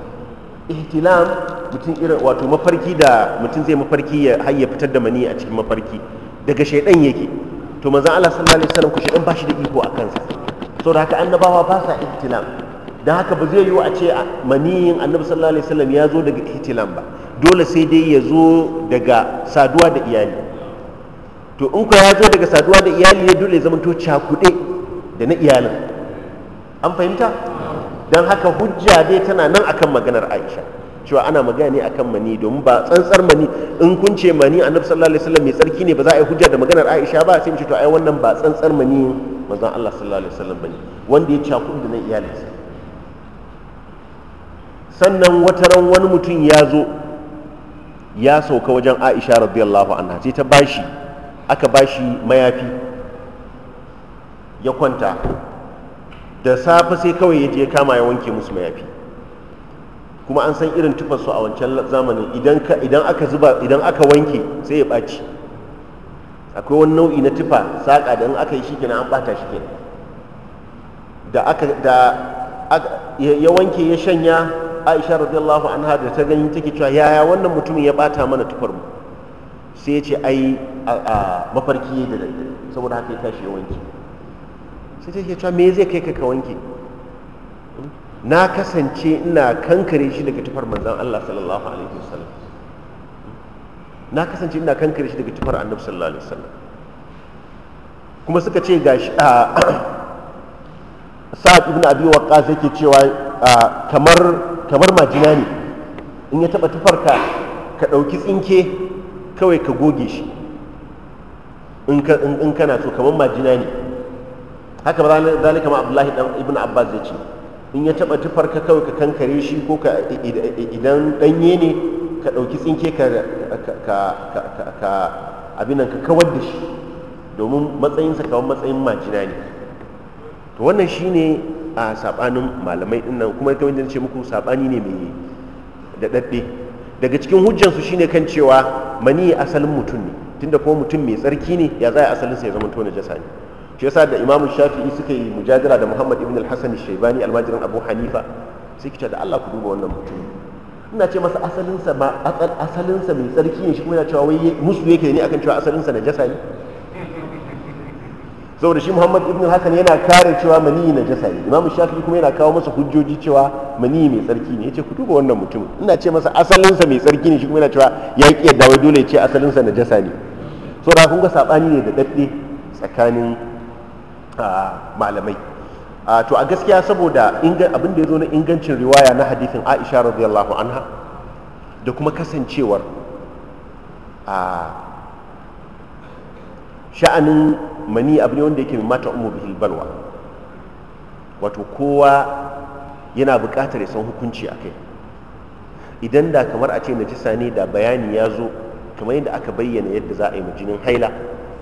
ihtilam mutum irin wato mafarki da mutum zai mafarki ya hayya fitar da mani a cikin mafarki daga shaidan yake to manzon Allah sallallahu alaihi wasallam ku shi dan bashi da iko a kansa saboda haka annabawa ba sa ihtilam dan haka ba zai yiwu a ce maniyin annabi sallallahu alaihi wasallam ya zo daga ihtilam ba dole sai dai ya zo daga saduwa da iyali to in ka ya zo daga saduwa da iyali ne dole ya zama to cakuɗe da na iyalin an fahimta don haka hujja dai tana nan akan maganar aisha cewa ana magana ne akan mani domin ba tsantsar mani in kun ce mani annabi sallallahu alaihi wasallam mai tsarki ne ba za a yi hujja da maganar Aisha ba sai mu ce to ai wannan ba tsantsar mani manzon Allah sallallahu alaihi wasallam bane wanda ya cakun da nan iyalinsa sannan wataran wani mutum ya zo ya sauka wajen aisha radiyallahu anha sai ta bashi aka bashi mayafi ya kwanta da safe sai kawai ya je kama ya wanke musu mayafi kuma an san irin tufarsu a wancan zamani, idan aka zuba idan aka wanke sai ya ɓaci akwai wani nau'i na tufa saƙa da in aka yi shi kenan an ɓata shi kenan da aka da ya wanke ya shanya aisha radiyallahu anha da ta gani take cewa yaya wannan mutumin ya ɓata mana tufar mu sai ya ce ai mafarki da daidai saboda haka ya tashi ya wanke sai ta ce cewa me zai kai ka ka wanke na kasance ina kankare shi daga tufar manzan Allah sallallahu alaihi wasallam na kasance ina kankare shi daga tufar annabi sallallahu alaihi wasallam kuma suka ce shi a ah, sa'ad ibn abi waqqas yake cewa ah, kamar kamar majina ne in ya taba tufarka ka dauki tsinke kawai ka goge shi in kana so kamar majina ne haka ba zalika ma abdullahi ibn abbas ya ce in ya taɓa tufar ka kawai ka kankare shi ko ka idan ɗanye ne ka ɗauki tsinke ka abin ka kawar da shi domin matsayinsa kawai matsayin majina ne to wannan shi ne a saɓanin malamai ɗin nan kuma kawai ce muku saɓani ne mai daɗaɗɗe daga cikin hujjansu shi ne kan cewa mani asalin mutum ne tunda kuma mutum mai tsarki ne ya a asalinsa ya zama tona jasa ne shi yasa da imamu shafi'i suka yi mujadala da muhammad ibn al-hasan shaibani almajirin abu hanifa sai kita da allah ku duba wannan mutum ina ce masa asalinsa ba asalinsa mai tsarki ne shi kuma yana cewa wai musu yake ne akan cewa asalinsa na jasa ne saboda shi muhammad ibn al-hasan yana kare cewa mani na jasa ne imamu shafi'i kuma yana kawo masa hujjoji cewa mani mai tsarki ne yace ku duba wannan mutum ina ce masa asalinsa mai tsarki ne shi kuma yana cewa ya ki yadda wai dole ya ce asalinsa na jasa ne saboda kun ga sabani ne da dadde tsakanin malamai to a gaskiya saboda abin da ya zo na ingancin riwaya na hadithin aisha radiyallahu anha da kuma kasancewar a sha'anin mani abu ne wanda yake mata umu bihil balwa wato kowa yana buƙatar ya san hukunci a kai idan da kamar a ce najisa ne da bayani ya zo kamar yadda aka bayyana yadda za a yi ma jinin haila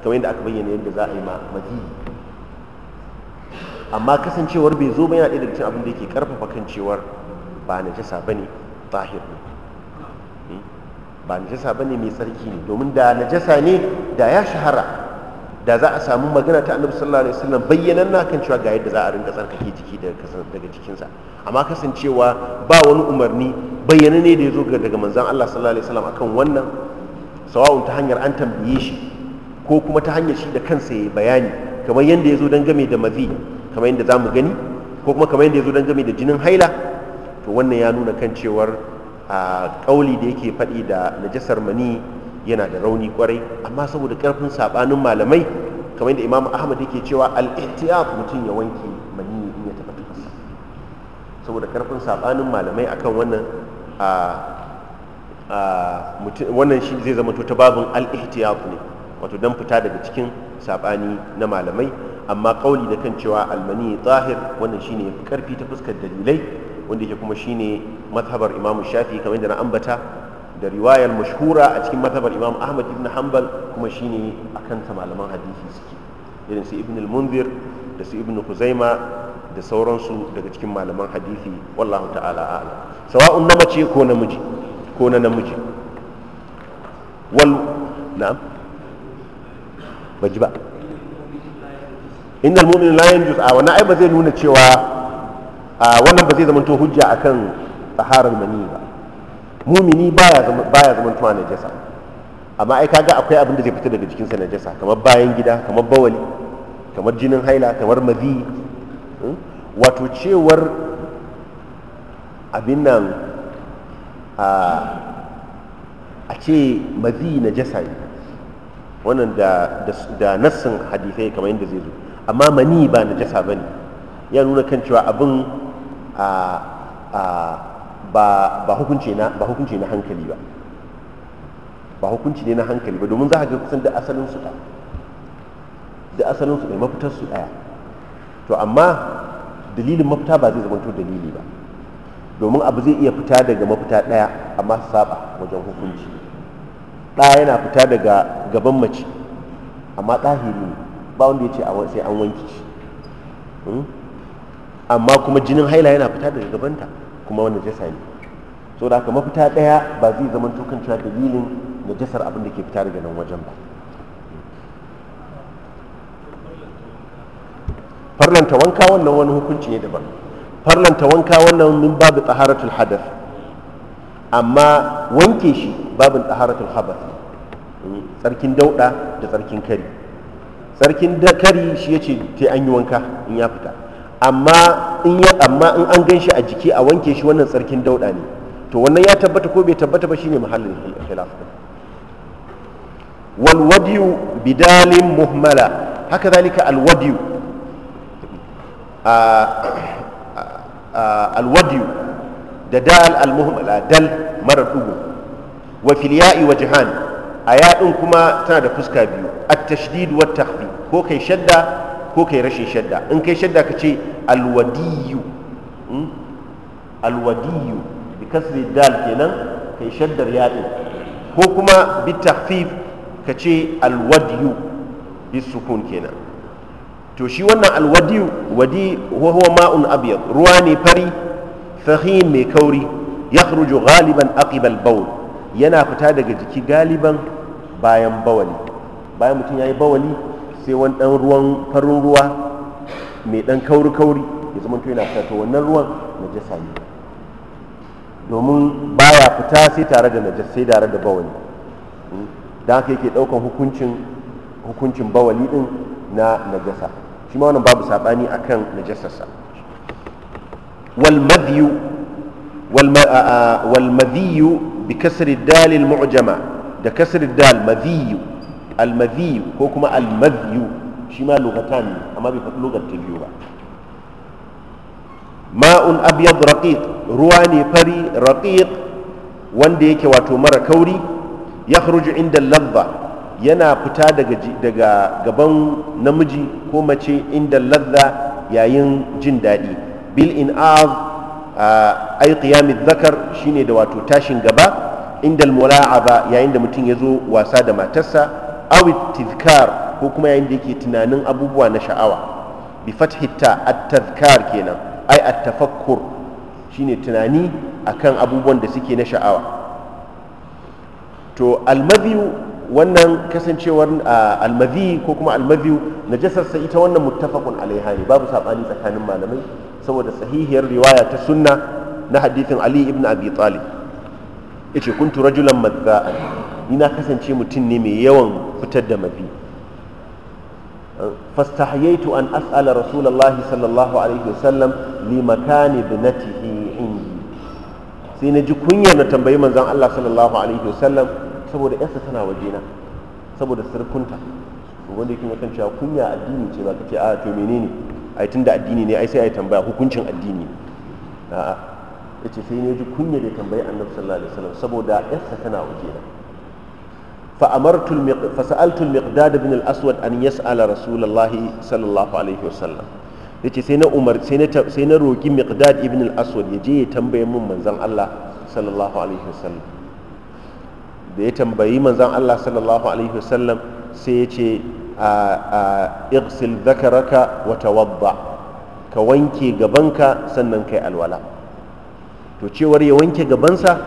kamar yadda aka bayyana yadda za a yi ma amma kasancewar bai zo ba yana ɗaya cin cikin abin da yake karfafa kan cewar ba najasa bane tahir ne eh, ba na ba bane mai tsarki ne domin da na jasa ne da ya shahara da za a samu magana ta annabi sallallahu alaihi wasallam bayyanan na kan cewa ga yadda za a rinka tsarkake jiki daga jikinsa amma kasancewa ba wani umarni bayyana ne da ya zo daga manzon Allah sallallahu alaihi wasallam akan wannan sawa'un ta hanyar an tambaye shi ko kuma ta hanyar shi da kansa ya bayani kamar yadda ya zo don game da mazi kamar yadda za mu gani ko kuma kamar yadda ya zo don gami da jinin haila to wannan ya nuna kan cewar a ƙauli da yake faɗi da najasar mani yana da rauni kwarai amma saboda ƙarfin saɓanin malamai kamar yadda imamu ahmad yake cewa al mutum ya wanke mani in ya taɓa tafasa saboda ƙarfin saɓanin malamai akan wannan wannan shi zai zama to ta babin al ne wato don fita daga cikin saɓani na malamai amma kauli da kan cewa almani zahir wannan shine yafi karfi ta fuskar dalilai wanda yake kuma shine mazhabar imamu shafi kamar yadda na ambata da riwayar mashhura a cikin mazhabar imamu ahmad ibn hanbal kuma shine akan ta malaman hadisi suke irin su ibn al-munzir da su ibn kuzaima da sauransu daga cikin malaman hadisi wallahu ta'ala a'lam sawa'un na ko namiji ko na namiji wal na'am ba innal mu'min la yanjus a wannan ai ba zai nuna cewa wannan ba zai zama to hujja akan taharar mani ba mumini baya zama baya zama to amma ai kaga akwai abin da zai fita daga jikinsa jasa kamar bayan gida kamar bawali kamar jinin haila kamar mazi wato cewar abin nan a ce mazi na jasa wannan da nassin hadisai kamar yadda zai zo amma mani ba jasa ba ne ya nuna kan cewa abin ba hukunci na hankali ba ba hukunci ne na hankali ba domin za a ga kusan da asalin su da asalin su ɗaya mafitar su ɗaya to amma dalilin mafita ba zai zama to dalili ba domin abu zai iya fita daga mafita ɗaya amma su saba wajen hukunci ɗa yana fita daga gaban mace amma ɗahiri ne ba wanda ya ce sai an wanke shi hmm? amma kuma jinin haila yana fita daga gabanta kuma wanda jasa ne so da haka mafita ɗaya ba zai zama tukan cewa dalilin najasar abin da ke fita daga nan wajen ba farlanta wanka wannan wani hukunci ne daban farlanta wanka wannan min babu taharatul hadath amma wanke shi babin taharatul habath hmm? tsarkin dauɗa da tsarkin kari sarkin dakari shi ya ce ta an yi wanka in ya fita amma in an gan shi a jiki a wanke shi wannan sarkin dauda ne to wannan ya tabbata ko bai tabbata ba shine mahallin khilaf wal wadiyu bidalin muhmala haka zalika al wadiyu al wadiyu da dal al muhmala dal mara dugu wa filiya'i wa wajhan a din kuma tana da fuska biyu a tashdid wa takhfi ko kai shadda ko kai rashin shadda in kai shadda ka ce alwadiyu hmm? alwadiyu bi kasri dal kenan kai shaddar ya ko kuma bi takhfif ka ce alwadiyu bi sukun kenan to shi wannan alwadiyu wadi huwa ma'un abyad ruwa ne fari fahim mai kauri yakhruju ghaliban aqibal bawl yana fita daga jiki galiban bayan bawali bayan mutum ya yi bawali sai wani ɗan ruwan farin ruwa mai ɗan kauri-kauri ya zama to yana fita to wannan ruwan najasa ne domin baya fita sai tare da najasa sai tare da bawali hmm? don haka yake ɗaukan hukuncin bawali ɗin na najasa shi ma wannan babu saɓani akan najasarsa walmadiyu walmadiyu bi kasar dalil mu'jama da kasar da almadhiyu ko kuma almadiyu shi ma lokata ne amma bai faɗi lokacin ta biyu ba ma'un abiyar raƙiƙ ruwa ne fari raƙiƙ wanda yake wato mara kauri ya inda ladda yana fita daga gaban namiji ko mace inda ladda yayin jin daɗi bil in'az ay qiyam zakar shine da wato tashin gaba inda mula'aba yayin da mutum ya zo wasa da matarsa awi tizkar ko kuma yayin da yake tunanin abubuwa na sha'awa bi fathitta at-tazkar kenan ai at-tafakkur shine tunani akan abubuwan da suke na sha'awa to almadhiyu wannan kasancewar almadhi ko kuma almadhiyu najasarsa ita wannan muttafaqun alaiha ne babu sabani tsakanin malamai saboda sahihiyar riwaya ta sunna na hadithin ali ibn abi talib yace kuntu rajulan madza'an ni na kasance mutum ne mai yawan fitar da mafi fastahyaitu an as'ala rasulullahi sallallahu alaihi wasallam li makani ibnatihi indi sai na ji kunya na tambayi manzon Allah sallallahu alaihi wasallam saboda yarsa tana wajena saboda sirkunta wanda yake kan cewa kunya addini ce ba ka ce a to menene ai tunda addini ne ai sai ai tambaya hukuncin addini a'a yace sai ne ji kunya da tambayi annabi sallallahu alaihi wasallam saboda yarsa tana wajena fa amartu fa sa'altu al-miqdad ibn al-aswad an yas'ala rasulullah sallallahu alaihi wasallam yace sai na umar sai na sai na roki miqdad ibn al-aswad yaje ya tambaye mun manzon Allah sallallahu alaihi wasallam da ya tambayi manzon Allah sallallahu alaihi wasallam sai yace a igsil dhakaraka wa tawadda ka wanke gabanka sannan kai alwala to cewar ya wanke gabansa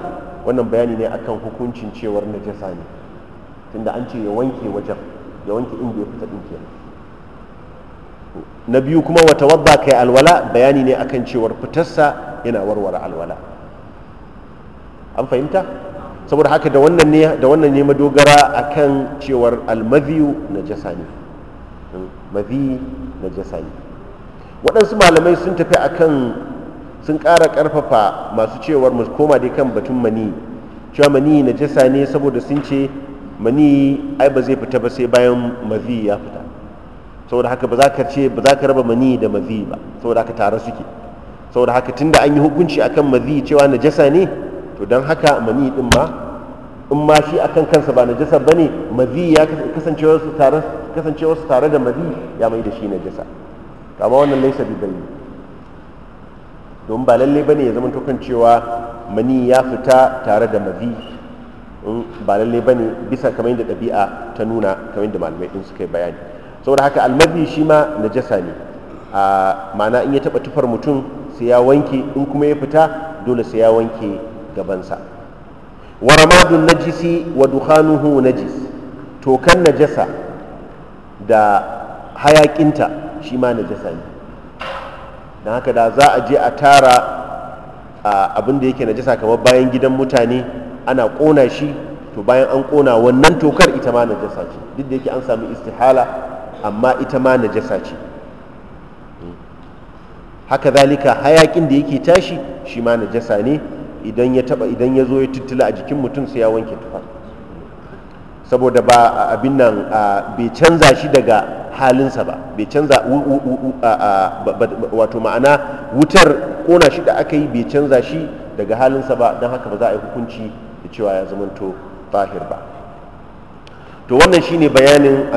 wannan bayani ne akan hukuncin cewar najasa ne tunda an ce ya wanke wajen ya wanke inda ya fita din na biyu kuma wata wadda kai alwala bayani ne akan cewar fitarsa yana warware alwala an fahimta saboda haka da wannan ne da wannan ne madogara akan cewar almadhiyu najasa ne hmm, madhi najasa ne waɗansu malamai sun tafi akan sun ƙara ƙarfafa masu cewar mu koma dai kan batun mani cewa mani na jasa ne saboda sun ce mani ai ba zai fita ba sai bayan mazi ya fita saboda haka ba za ka ce ba za ka raba mani da mazi ba saboda haka tare suke saboda haka tunda an yi hukunci akan mazi cewa na jasa ne to don haka mani din ma in ma shi akan kansa ba najasa bane mazi ya kasancewar su tare kasancewar su tare da mazi ya mai da shi najasa amma wannan laisa bi dalili don ba lalle bane ya zama kan cewa mani ya fita tare da mazi mm, ba lalle bane bisa kamar yadda ɗabi'a ta nuna kamar yadda malamai din suka yi bayani saboda haka almazi shi ma jasa ne a ma'ana in ya taɓa tufar mutum sai ya wanke in kuma ya fita dole sai ya wanke gabansa wa ramadun najisi wa dukhanuhu najis tokan najasa da hayakinta shi ma najasa ne don haka da za a je a tara abin da yake najasa kamar bayan gidan mutane ana kona shi to bayan an kona wannan tokar ita ma na jasa ce duk da yake an samu istihala amma ita ma na najasa ce haka zalika hayakin da yake tashi shi ma na jasa ne idan ya taba idan ya zo ya tuttula a jikin mutum sai ya wanke tufa saboda ba abin nan bai canza shi daga halinsa ba bai canza wato ma'ana wutar kona shi da aka yi bai canza shi daga halinsa ba don haka ba za a yi hukunci da cewa ya zamanto tahir ba to wannan shine bayanin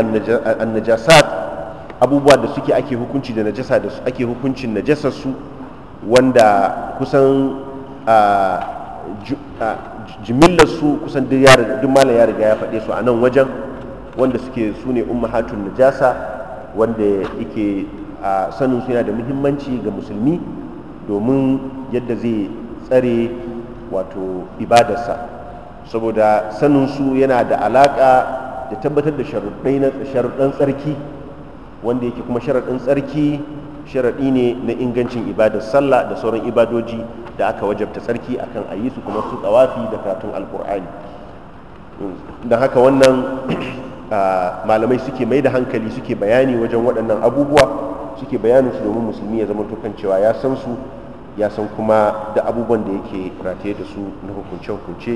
annajasat abubuwa da suke ake hukunci da najasa da su ake hukuncin najasarsu su wanda kusan jimillarsu kusan duk malam ya riga ya faɗe su a nan wajen wanda suke su ne ummahatun najasa wanda yake a sanin suna yana da muhimmanci ga musulmi domin yadda zai tsare wato ibadarsa saboda sanin su yana da alaka da tabbatar da sharaɗin tsarki wanda yake kuma sharaɗin tsarki sharaɗi ne na ingancin ibadar sallah da sauran ibadoji da aka wajabta tsarki akan ayi su kuma su tsawafi da karatun alkur'ani hmm, don haka wannan malamai suke mai da hankali suke bayani wajen waɗannan abubuwa suke bayanin su domin musulmi ya zama tukan cewa ya san su ya san kuma da abubuwan da yake rataye da su na hukunce hukunce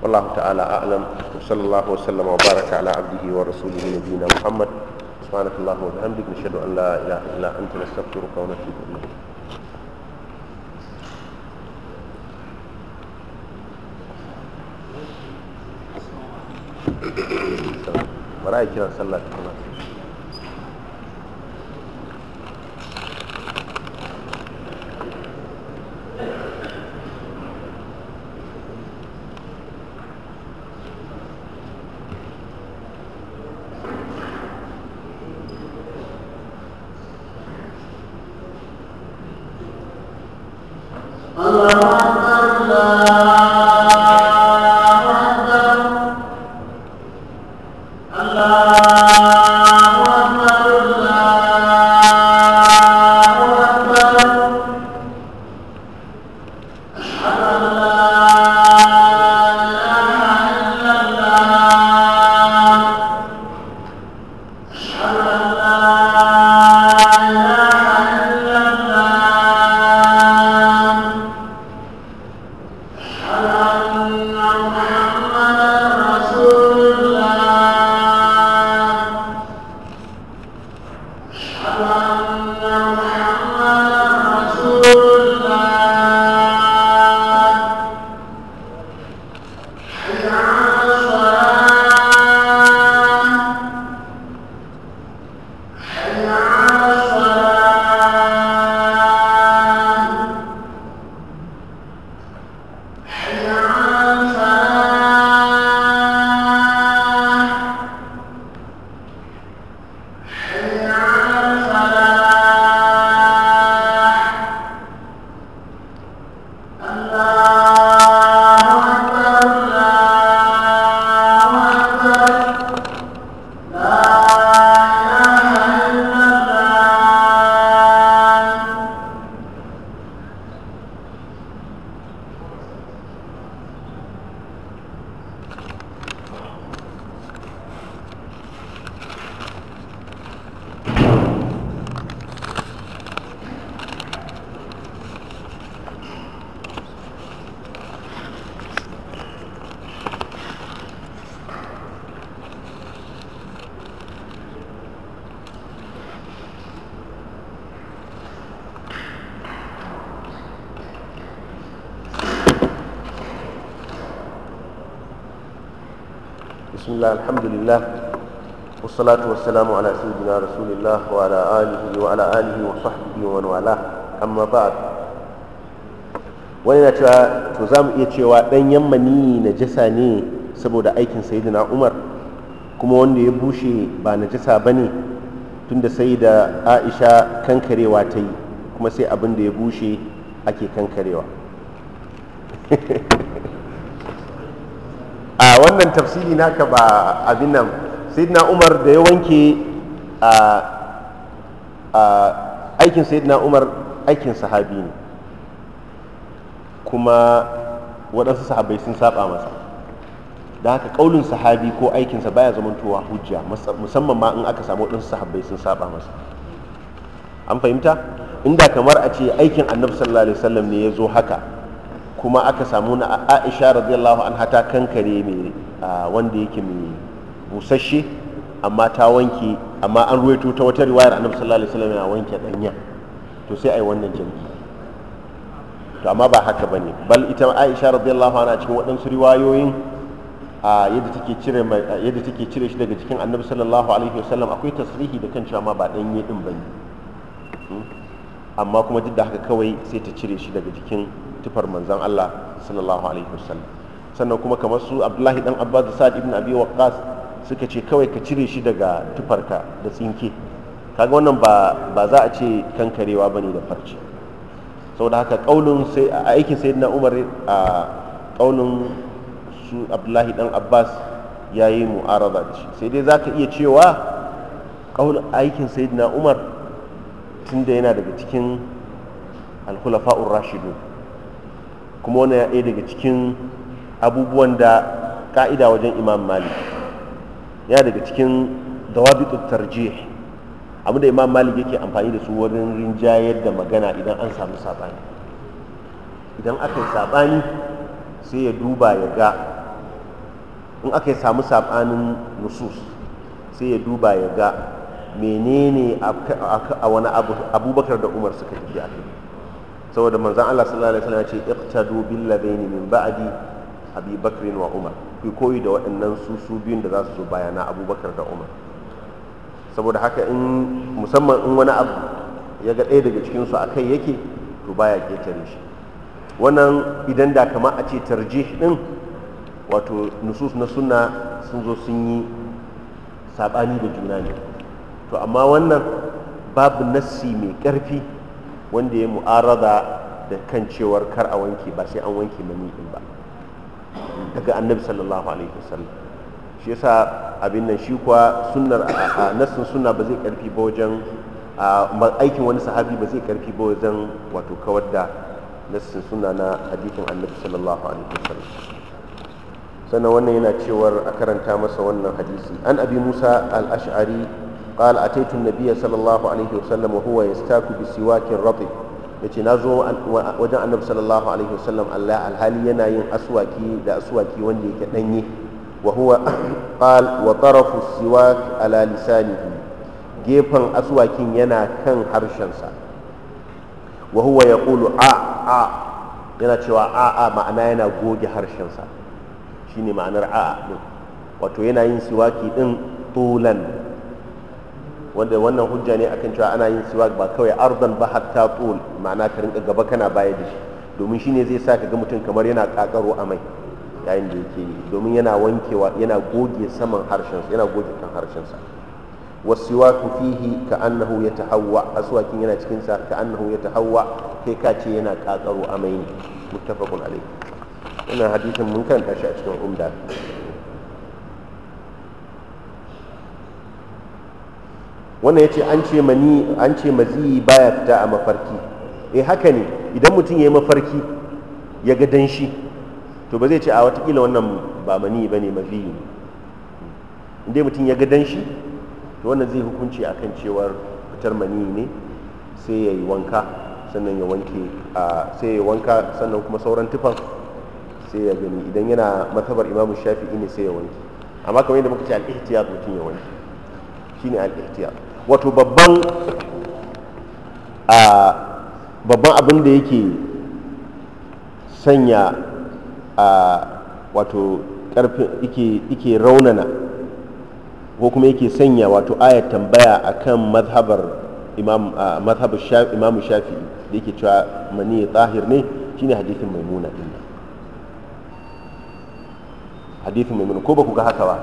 wallahu ta'ala a'lam sallallahu alaihi wa baraka ala abdihi wa rasulihi nabiyina muhammad subhanallahi wa bihamdihi nashhadu an la ilaha illa anta nastaghfiruka wa natubu ilayk Thank you. bara ya kira sallah tukuna بسم الله الحمد لله والصلاة والسلام على سيدنا رسول الله وعلى آله وعلى آله wani na cewa to zamu iya cewa ɗan yammani na jasa ne saboda aikin sayidina umar kuma wanda ya bushe ba na jasa ba tunda sai da aisha kankarewa ta yi kuma sai abin da ya bushe ake kankarewa wannan tafsiri naka ba abin nan sayyidina umar da ya wanke aikin sayyidina umar aikin sahabi ne kuma waɗansu sahabai sun saba masa da haka ƙaunin sahabi ko aikinsa baya zamantowa hujja musamman ma in aka samu waɗansu sahabbai sun saba masa an fahimta inda kamar a ce aikin annabi sallallahu alaihi wasallam ne ya zo haka kuma aka samu na aisha radiyallahu anha ta kankare mai wanda yake mai busasshe amma ta wanke amma an ruwaito ta wata riwayar annabi sallallahu alaihi wasallam ya wanke danya to sai ai wannan jami'i to amma ba haka bane bal ita aisha radiyallahu anha cikin waɗansu riwayoyin yadda take cire yadda take cire shi daga cikin annabi sallallahu alaihi wasallam akwai tasrihi da kan cewa ma ba danye din bane hmm? amma kuma duk da haka kawai sai ta cire shi daga jikin tufar manzan Allah sallallahu alaihi wasallam sannan kuma kamar su Abdullahi dan Abbas da Sa'ad ibn Abi Waqqas suka ce kawai ka cire shi daga tufarka da tsinke kaga wannan ba za a ce kankarewa bane da farce saboda haka kaulin sai a aikin sayyidina Umar a kaulin su Abdullahi dan Abbas yayi mu'arada da shi sai dai zaka iya cewa kaulin aikin sayyidina Umar tunda yana daga cikin al-khulafa'ur rashidun kuma wani ya ɗaya daga cikin abubuwan da ƙa'ida wajen imam malik ya daga cikin dawabitul tarjih da imam malik yake amfani da su wurin rinjayar da magana idan an samu saɓani idan aka yi saɓani sai ya duba ya ga in aka yi samu saɓanin nusus sai ya duba ya ga menene a wani abubakar da umar suka tafi a kai saboda manzan Allah sallallahu alaihi wasallam ya ce iqtadu bil ladaini min ba'di abi bakr wa umar ku koyi da waɗannan su su biyun da za su zo bayana abubakar da umar saboda haka in musamman in wani abu ya ga ɗaya daga cikin su akai yake to baya ketare shi wannan idan da kama a ce tarjih din wato nusus na sunna sun zo sun yi sabani da juna ne to amma wannan babu nassi mai ƙarfi wanda ya mu'arada da kan cewar kar a wanke ba sai an wanke mani din ba daga annabi sallallahu alaihi wasallam shi yasa abin nan shi kuwa sunnar nassin sunna ba zai karfi ba wajen aikin wani sahabi ba zai karfi ba wajen wato kawar da nassin sunna na hadisin annabi sallallahu alaihi wasallam sannan wannan yana cewar a karanta masa wannan hadisi an abi musa al-ash'ari قال أتيت النبي صلى الله عليه وسلم وهو يستاك بسواك رطب yace na zo wajen annabi sallallahu alaihi wasallam Allah alhali yana yin aswaki da aswaki wanda yake danye wa huwa qal wa tarafu siwak ala lisanihi gefan aswakin yana kan harshensa wa huwa yaqulu a a yana cewa a a ma'ana yana goge harshensa shine ma'anar a din wato yana yin siwaki din tulan wanda wannan hujja ne akan cewa ana yin siwak ba kawai ardan ba hatta tsul ma'ana ka rinka gaba kana baya da shi domin shine zai sa ka ga mutum kamar yana kakaro amai yayin da yake domin yana wankewa yana goge saman harshen yana goge kan harshen sa wasiwaku fihi ka annahu yatahawwa aswakin yana cikin sa ka annahu yatahawwa kai ka ce yana kakaro amai ne muttafaqun alayhi wannan hadisin mun kan tashi a cikin umda wannan yace an ce mani an ce mazi baya fita a mafarki eh haka ne idan mutum ya yi mafarki ya ga danshi to ba zai ce a watakila wannan ba mani ba ne mazi ne inda mutum ya ga danshi to wannan zai hukunci akan cewar fitar mani ne sai ya yi wanka sannan ya wanke sai ya wanka sannan kuma sauran tufan sai ya gani idan yana matabar imamu shafi'i ne sai ya wanke amma kamar yadda muka ce al-ihtiyat mutum ya wanke shine al-ihtiyat wato babban a ah, babban abin da yake sanya a ah, wato karfin yake raunana ko kuma yake sanya wato ayat tambaya akan mazhabar imam ah, mazhabar imam shafi da yake cewa mani tsahir ne shine hadithin maimuna din hadithin maimuna ko ba ku ga haka ba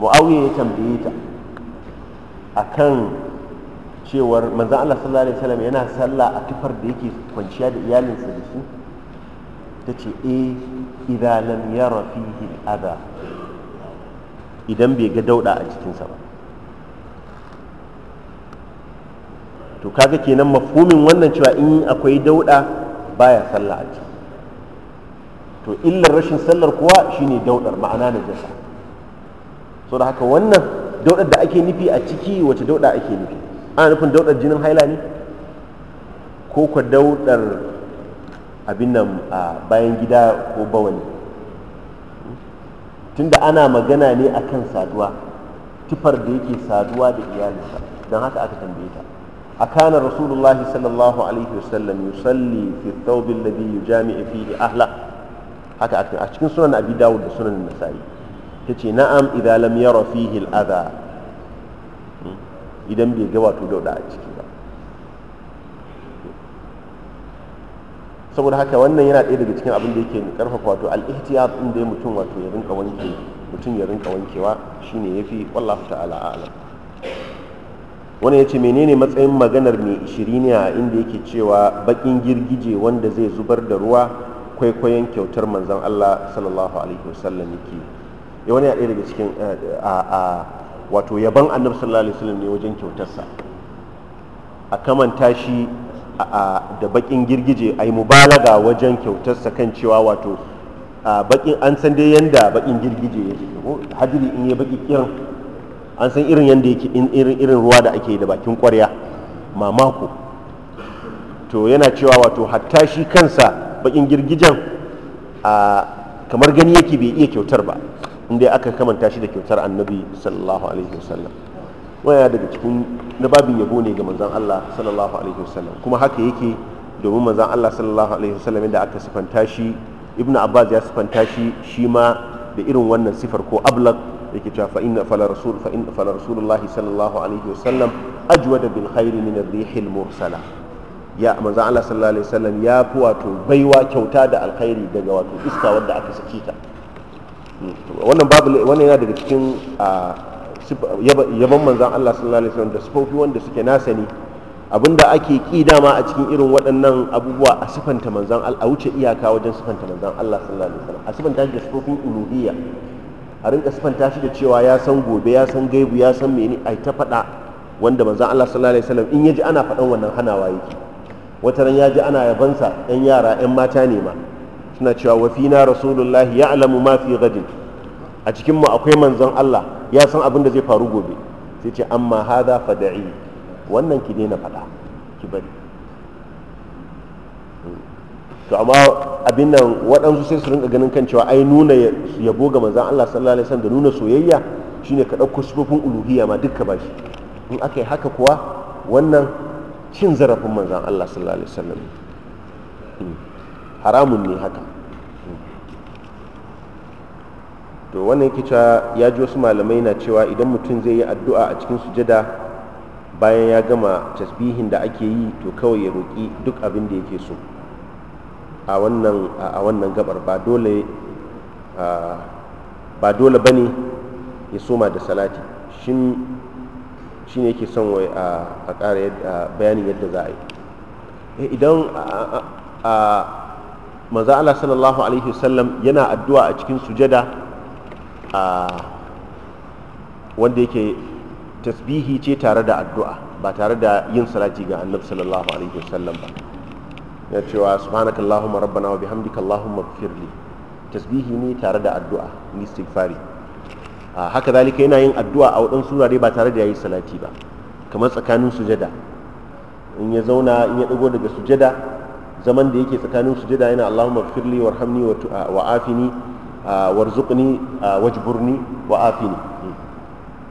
muawiya ya tambaye ta akan cewar manzan Allah sallallahu alaihi wasallam yana sallah a tufar da yake kwanciya da iyalinsa da su ta ce e idza ya rafi hil'ada idan bai ga dauɗa a cikinsa ba to kaga kenan mafhumin wannan cewa in akwai dauɗa baya sallah a ciki to illar rashin sallar kuwa shine dauɗar ma'ana na jasa da haka wannan daudar da ake nufi a ciki wace dauda ake nufi ana nufin daudar jinin haila ne ko kwa daudar abin nan a bayan gida ko bawani tunda ana magana ne akan saduwa tufar da yake saduwa da iyalinsa don haka aka tambaye ta أكان رسول الله صلى الله عليه وسلم يصلي في الثوب jami'a يجامع ahla haka a cikin sunan abi dawud da sunan nasa'i. ta ce na'am idan lam yara fihi al'adha hmm? idan bai ga wato dauda a ciki ba saboda haka wannan yana ɗaya daga cikin abin da yake karfafa wato al ihtiyar din da mutum wato ya rinka wanke mutum ya rinka wankewa shine yafi wallahu ta'ala a'lam wani ya ce menene matsayin maganar mai ishiriniya inda yake cewa bakin girgije wanda zai zubar da ruwa kwaikwayon kyautar manzon Allah sallallahu alaihi wasallam yake ya wani yaɗe daga cikin eh, a wato yaban annabi sallallahu alaihi wasallam ne wajen kyautarsa a kamanta shi da bakin girgije a yi mubalaga wajen kyautarsa kan cewa wato bakin an san dai yanda bakin girgije yake ko hadiri in ya baki kiran an san irin yanda yake irin irin ruwa da ake da bakin kwarya mamako to yana cewa wato hatta shi kansa bakin girgijen kamar gani yake bai iya kyautar ba inda aka kamanta shi da kyautar annabi sallallahu alaihi wasallam waya daga cikin na babin yabo ne ga manzon Allah sallallahu alaihi wasallam kuma haka yake domin manzon Allah sallallahu alaihi wasallam inda aka sifanta shi ibnu abbas ya sifanta shi shi ma da irin wannan sifar ko ablaq yake cewa fa inna fala rasul fa inna fala rasulullahi sallallahu alaihi wasallam ajwada bil khairi min ar-rihil mursala ya manzon Allah sallallahu alaihi wasallam ya fi wato baiwa kyauta da alkhairi daga wato iska wadda aka saki ta wannan babu wannan yana daga cikin yaban manzan Allah sallallahu alaihi wasallam da sufofi wanda suke nasani abinda ake ki dama a cikin irin waɗannan abubuwa a sifanta manzan Allah a wuce iyaka wajen sifanta manzan Allah sallallahu alaihi wasallam a sifanta shi da sufofin uluhiyya a rinka sifanta shi da cewa ya san gobe ya san gaibu ya san meni ai ta faɗa wanda manzan Allah sallallahu alaihi wasallam in yaji ana faɗan wannan hanawa yake wataran yaji ana yabansa ɗan yara ɗan mata ne ma suna cewa wa fina rasulullah alamu ma fi gadin a cikin mu akwai manzon Allah ya san abin da zai faru gobe sai ce amma hadha fada'i wannan ki dena faɗa ki bari to amma abin nan waɗansu sai su rinka ganin kan cewa ai nuna yabo ga manzon Allah sallallahu alaihi wasallam da nuna soyayya shine ka ɗauko sifofin uluhiyya ma dukka bashi in aka yi haka kuwa wannan cin zarafin manzon Allah sallallahu alaihi wasallam hmm. haramun ne haka to wannan yake cewa ya ji wasu malamai na cewa idan mutum zai yi addu'a a cikin sujada bayan ya gama tasbihin da ake yi to kawai ya roƙi duk abin da yake so a wannan a wannan gabar ba dole ba dole bane ya soma da salati shin shine yake son wai a ƙara bayanin yadda za a yi eh, idan a manzo Allah sallallahu alaihi wasallam yana addu'a a cikin sujada wanda yake tasbihi ce tare da addu'a ba tare da yin salati ga annabi sallallahu alaihi wasallam ba ya cewa subhanakallahumma rabbana wa bihamdika allahumma ighfirli tasbihi ne tare da addu'a ni istighfari haka zalika yana yin addu'a a waɗansu dai ba tare da yayi salati ba kamar tsakanin sujada in ya zauna in ya dago daga sujada zaman da yake tsakanin sujada yana allahumma ighfirli warhamni wa afini warzuqni wajburni wa afini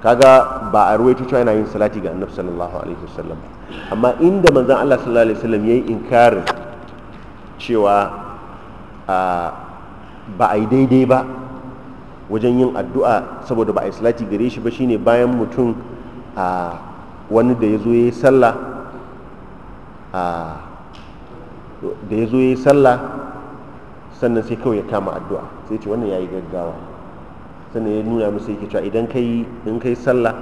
kaga ba a ruwaito cewa yana yin salati ga annabi sallallahu alaihi wasallam amma inda manzon Allah sallallahu alaihi wasallam yayi inkarin cewa ba a yi daidai ba wajen yin addu'a saboda ba a yi salati gare shi ba shine bayan mutum a wani da ya zo ya yi sallah da ya zo sallah sannan sai kawai ya kama addu'a sai ce wannan yayi gaggawa sannan ya nuna musu yake cewa idan kai in kai sallah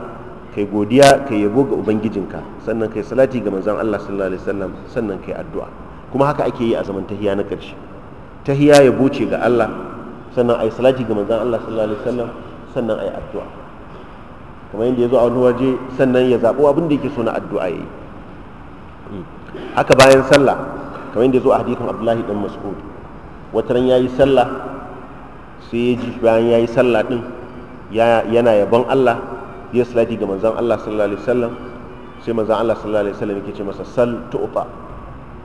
kai godiya kai yabo ga ubangijinka sannan kai salati ga manzon Allah sallallahu alaihi wasallam sannan kai addu'a kuma haka ake yi a zaman tahiya na ƙarshe tahiya ya buce ga Allah sannan ai salati ga manzon Allah sallallahu alaihi wasallam sannan ai addu'a kamar yadda ya zo a wani waje sannan ya zaɓo abin da yake so na addu'a yayi haka bayan sallah kamar yadda ya zo a hadithin Abdullahi dan Mas'ud wataran ya yi sallah sai ya ji bayan ya yi sallah din, yana yabon Allah ya salati ga manzan Allah sallallahu alaihi wasallam sai manzan Allah sallallahu alaihi wasallam yake ce masa sal tu'fa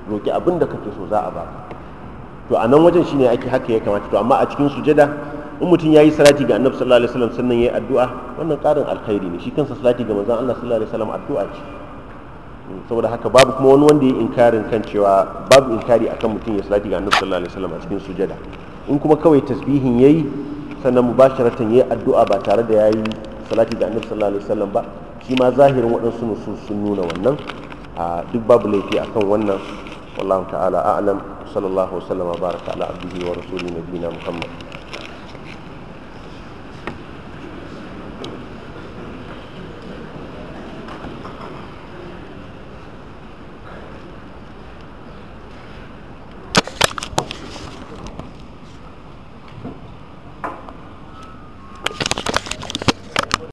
roki abin da kake so za a baka to a nan wajen shine ake haka ya kamata to amma a cikin sujada in mutum ya yi salati ga annabi sallallahu alaihi wasallam sannan ya yi addu'a wannan ƙarin alkhairi ne shi kansa salati ga manzan Allah sallallahu alaihi wasallam addu'a ce saboda haka babu kuma wani wanda ya inkarin kan cewa babu inkari akan mutum ya salati ga annabi sallallahu alaihi wasallam a cikin sujada in kuma kawai tasbihin yayi sannan mubasharatan yayi addu'a ba tare da yayi salati ga annabi sallallahu alaihi wasallam ba shi ma zahirin waɗansu nusu sun nuna wannan a duk babu laifi akan wannan wallahu ta'ala a'lam sallallahu alaihi wasallam baraka ala abdihi wa rasulina nabiyina muhammad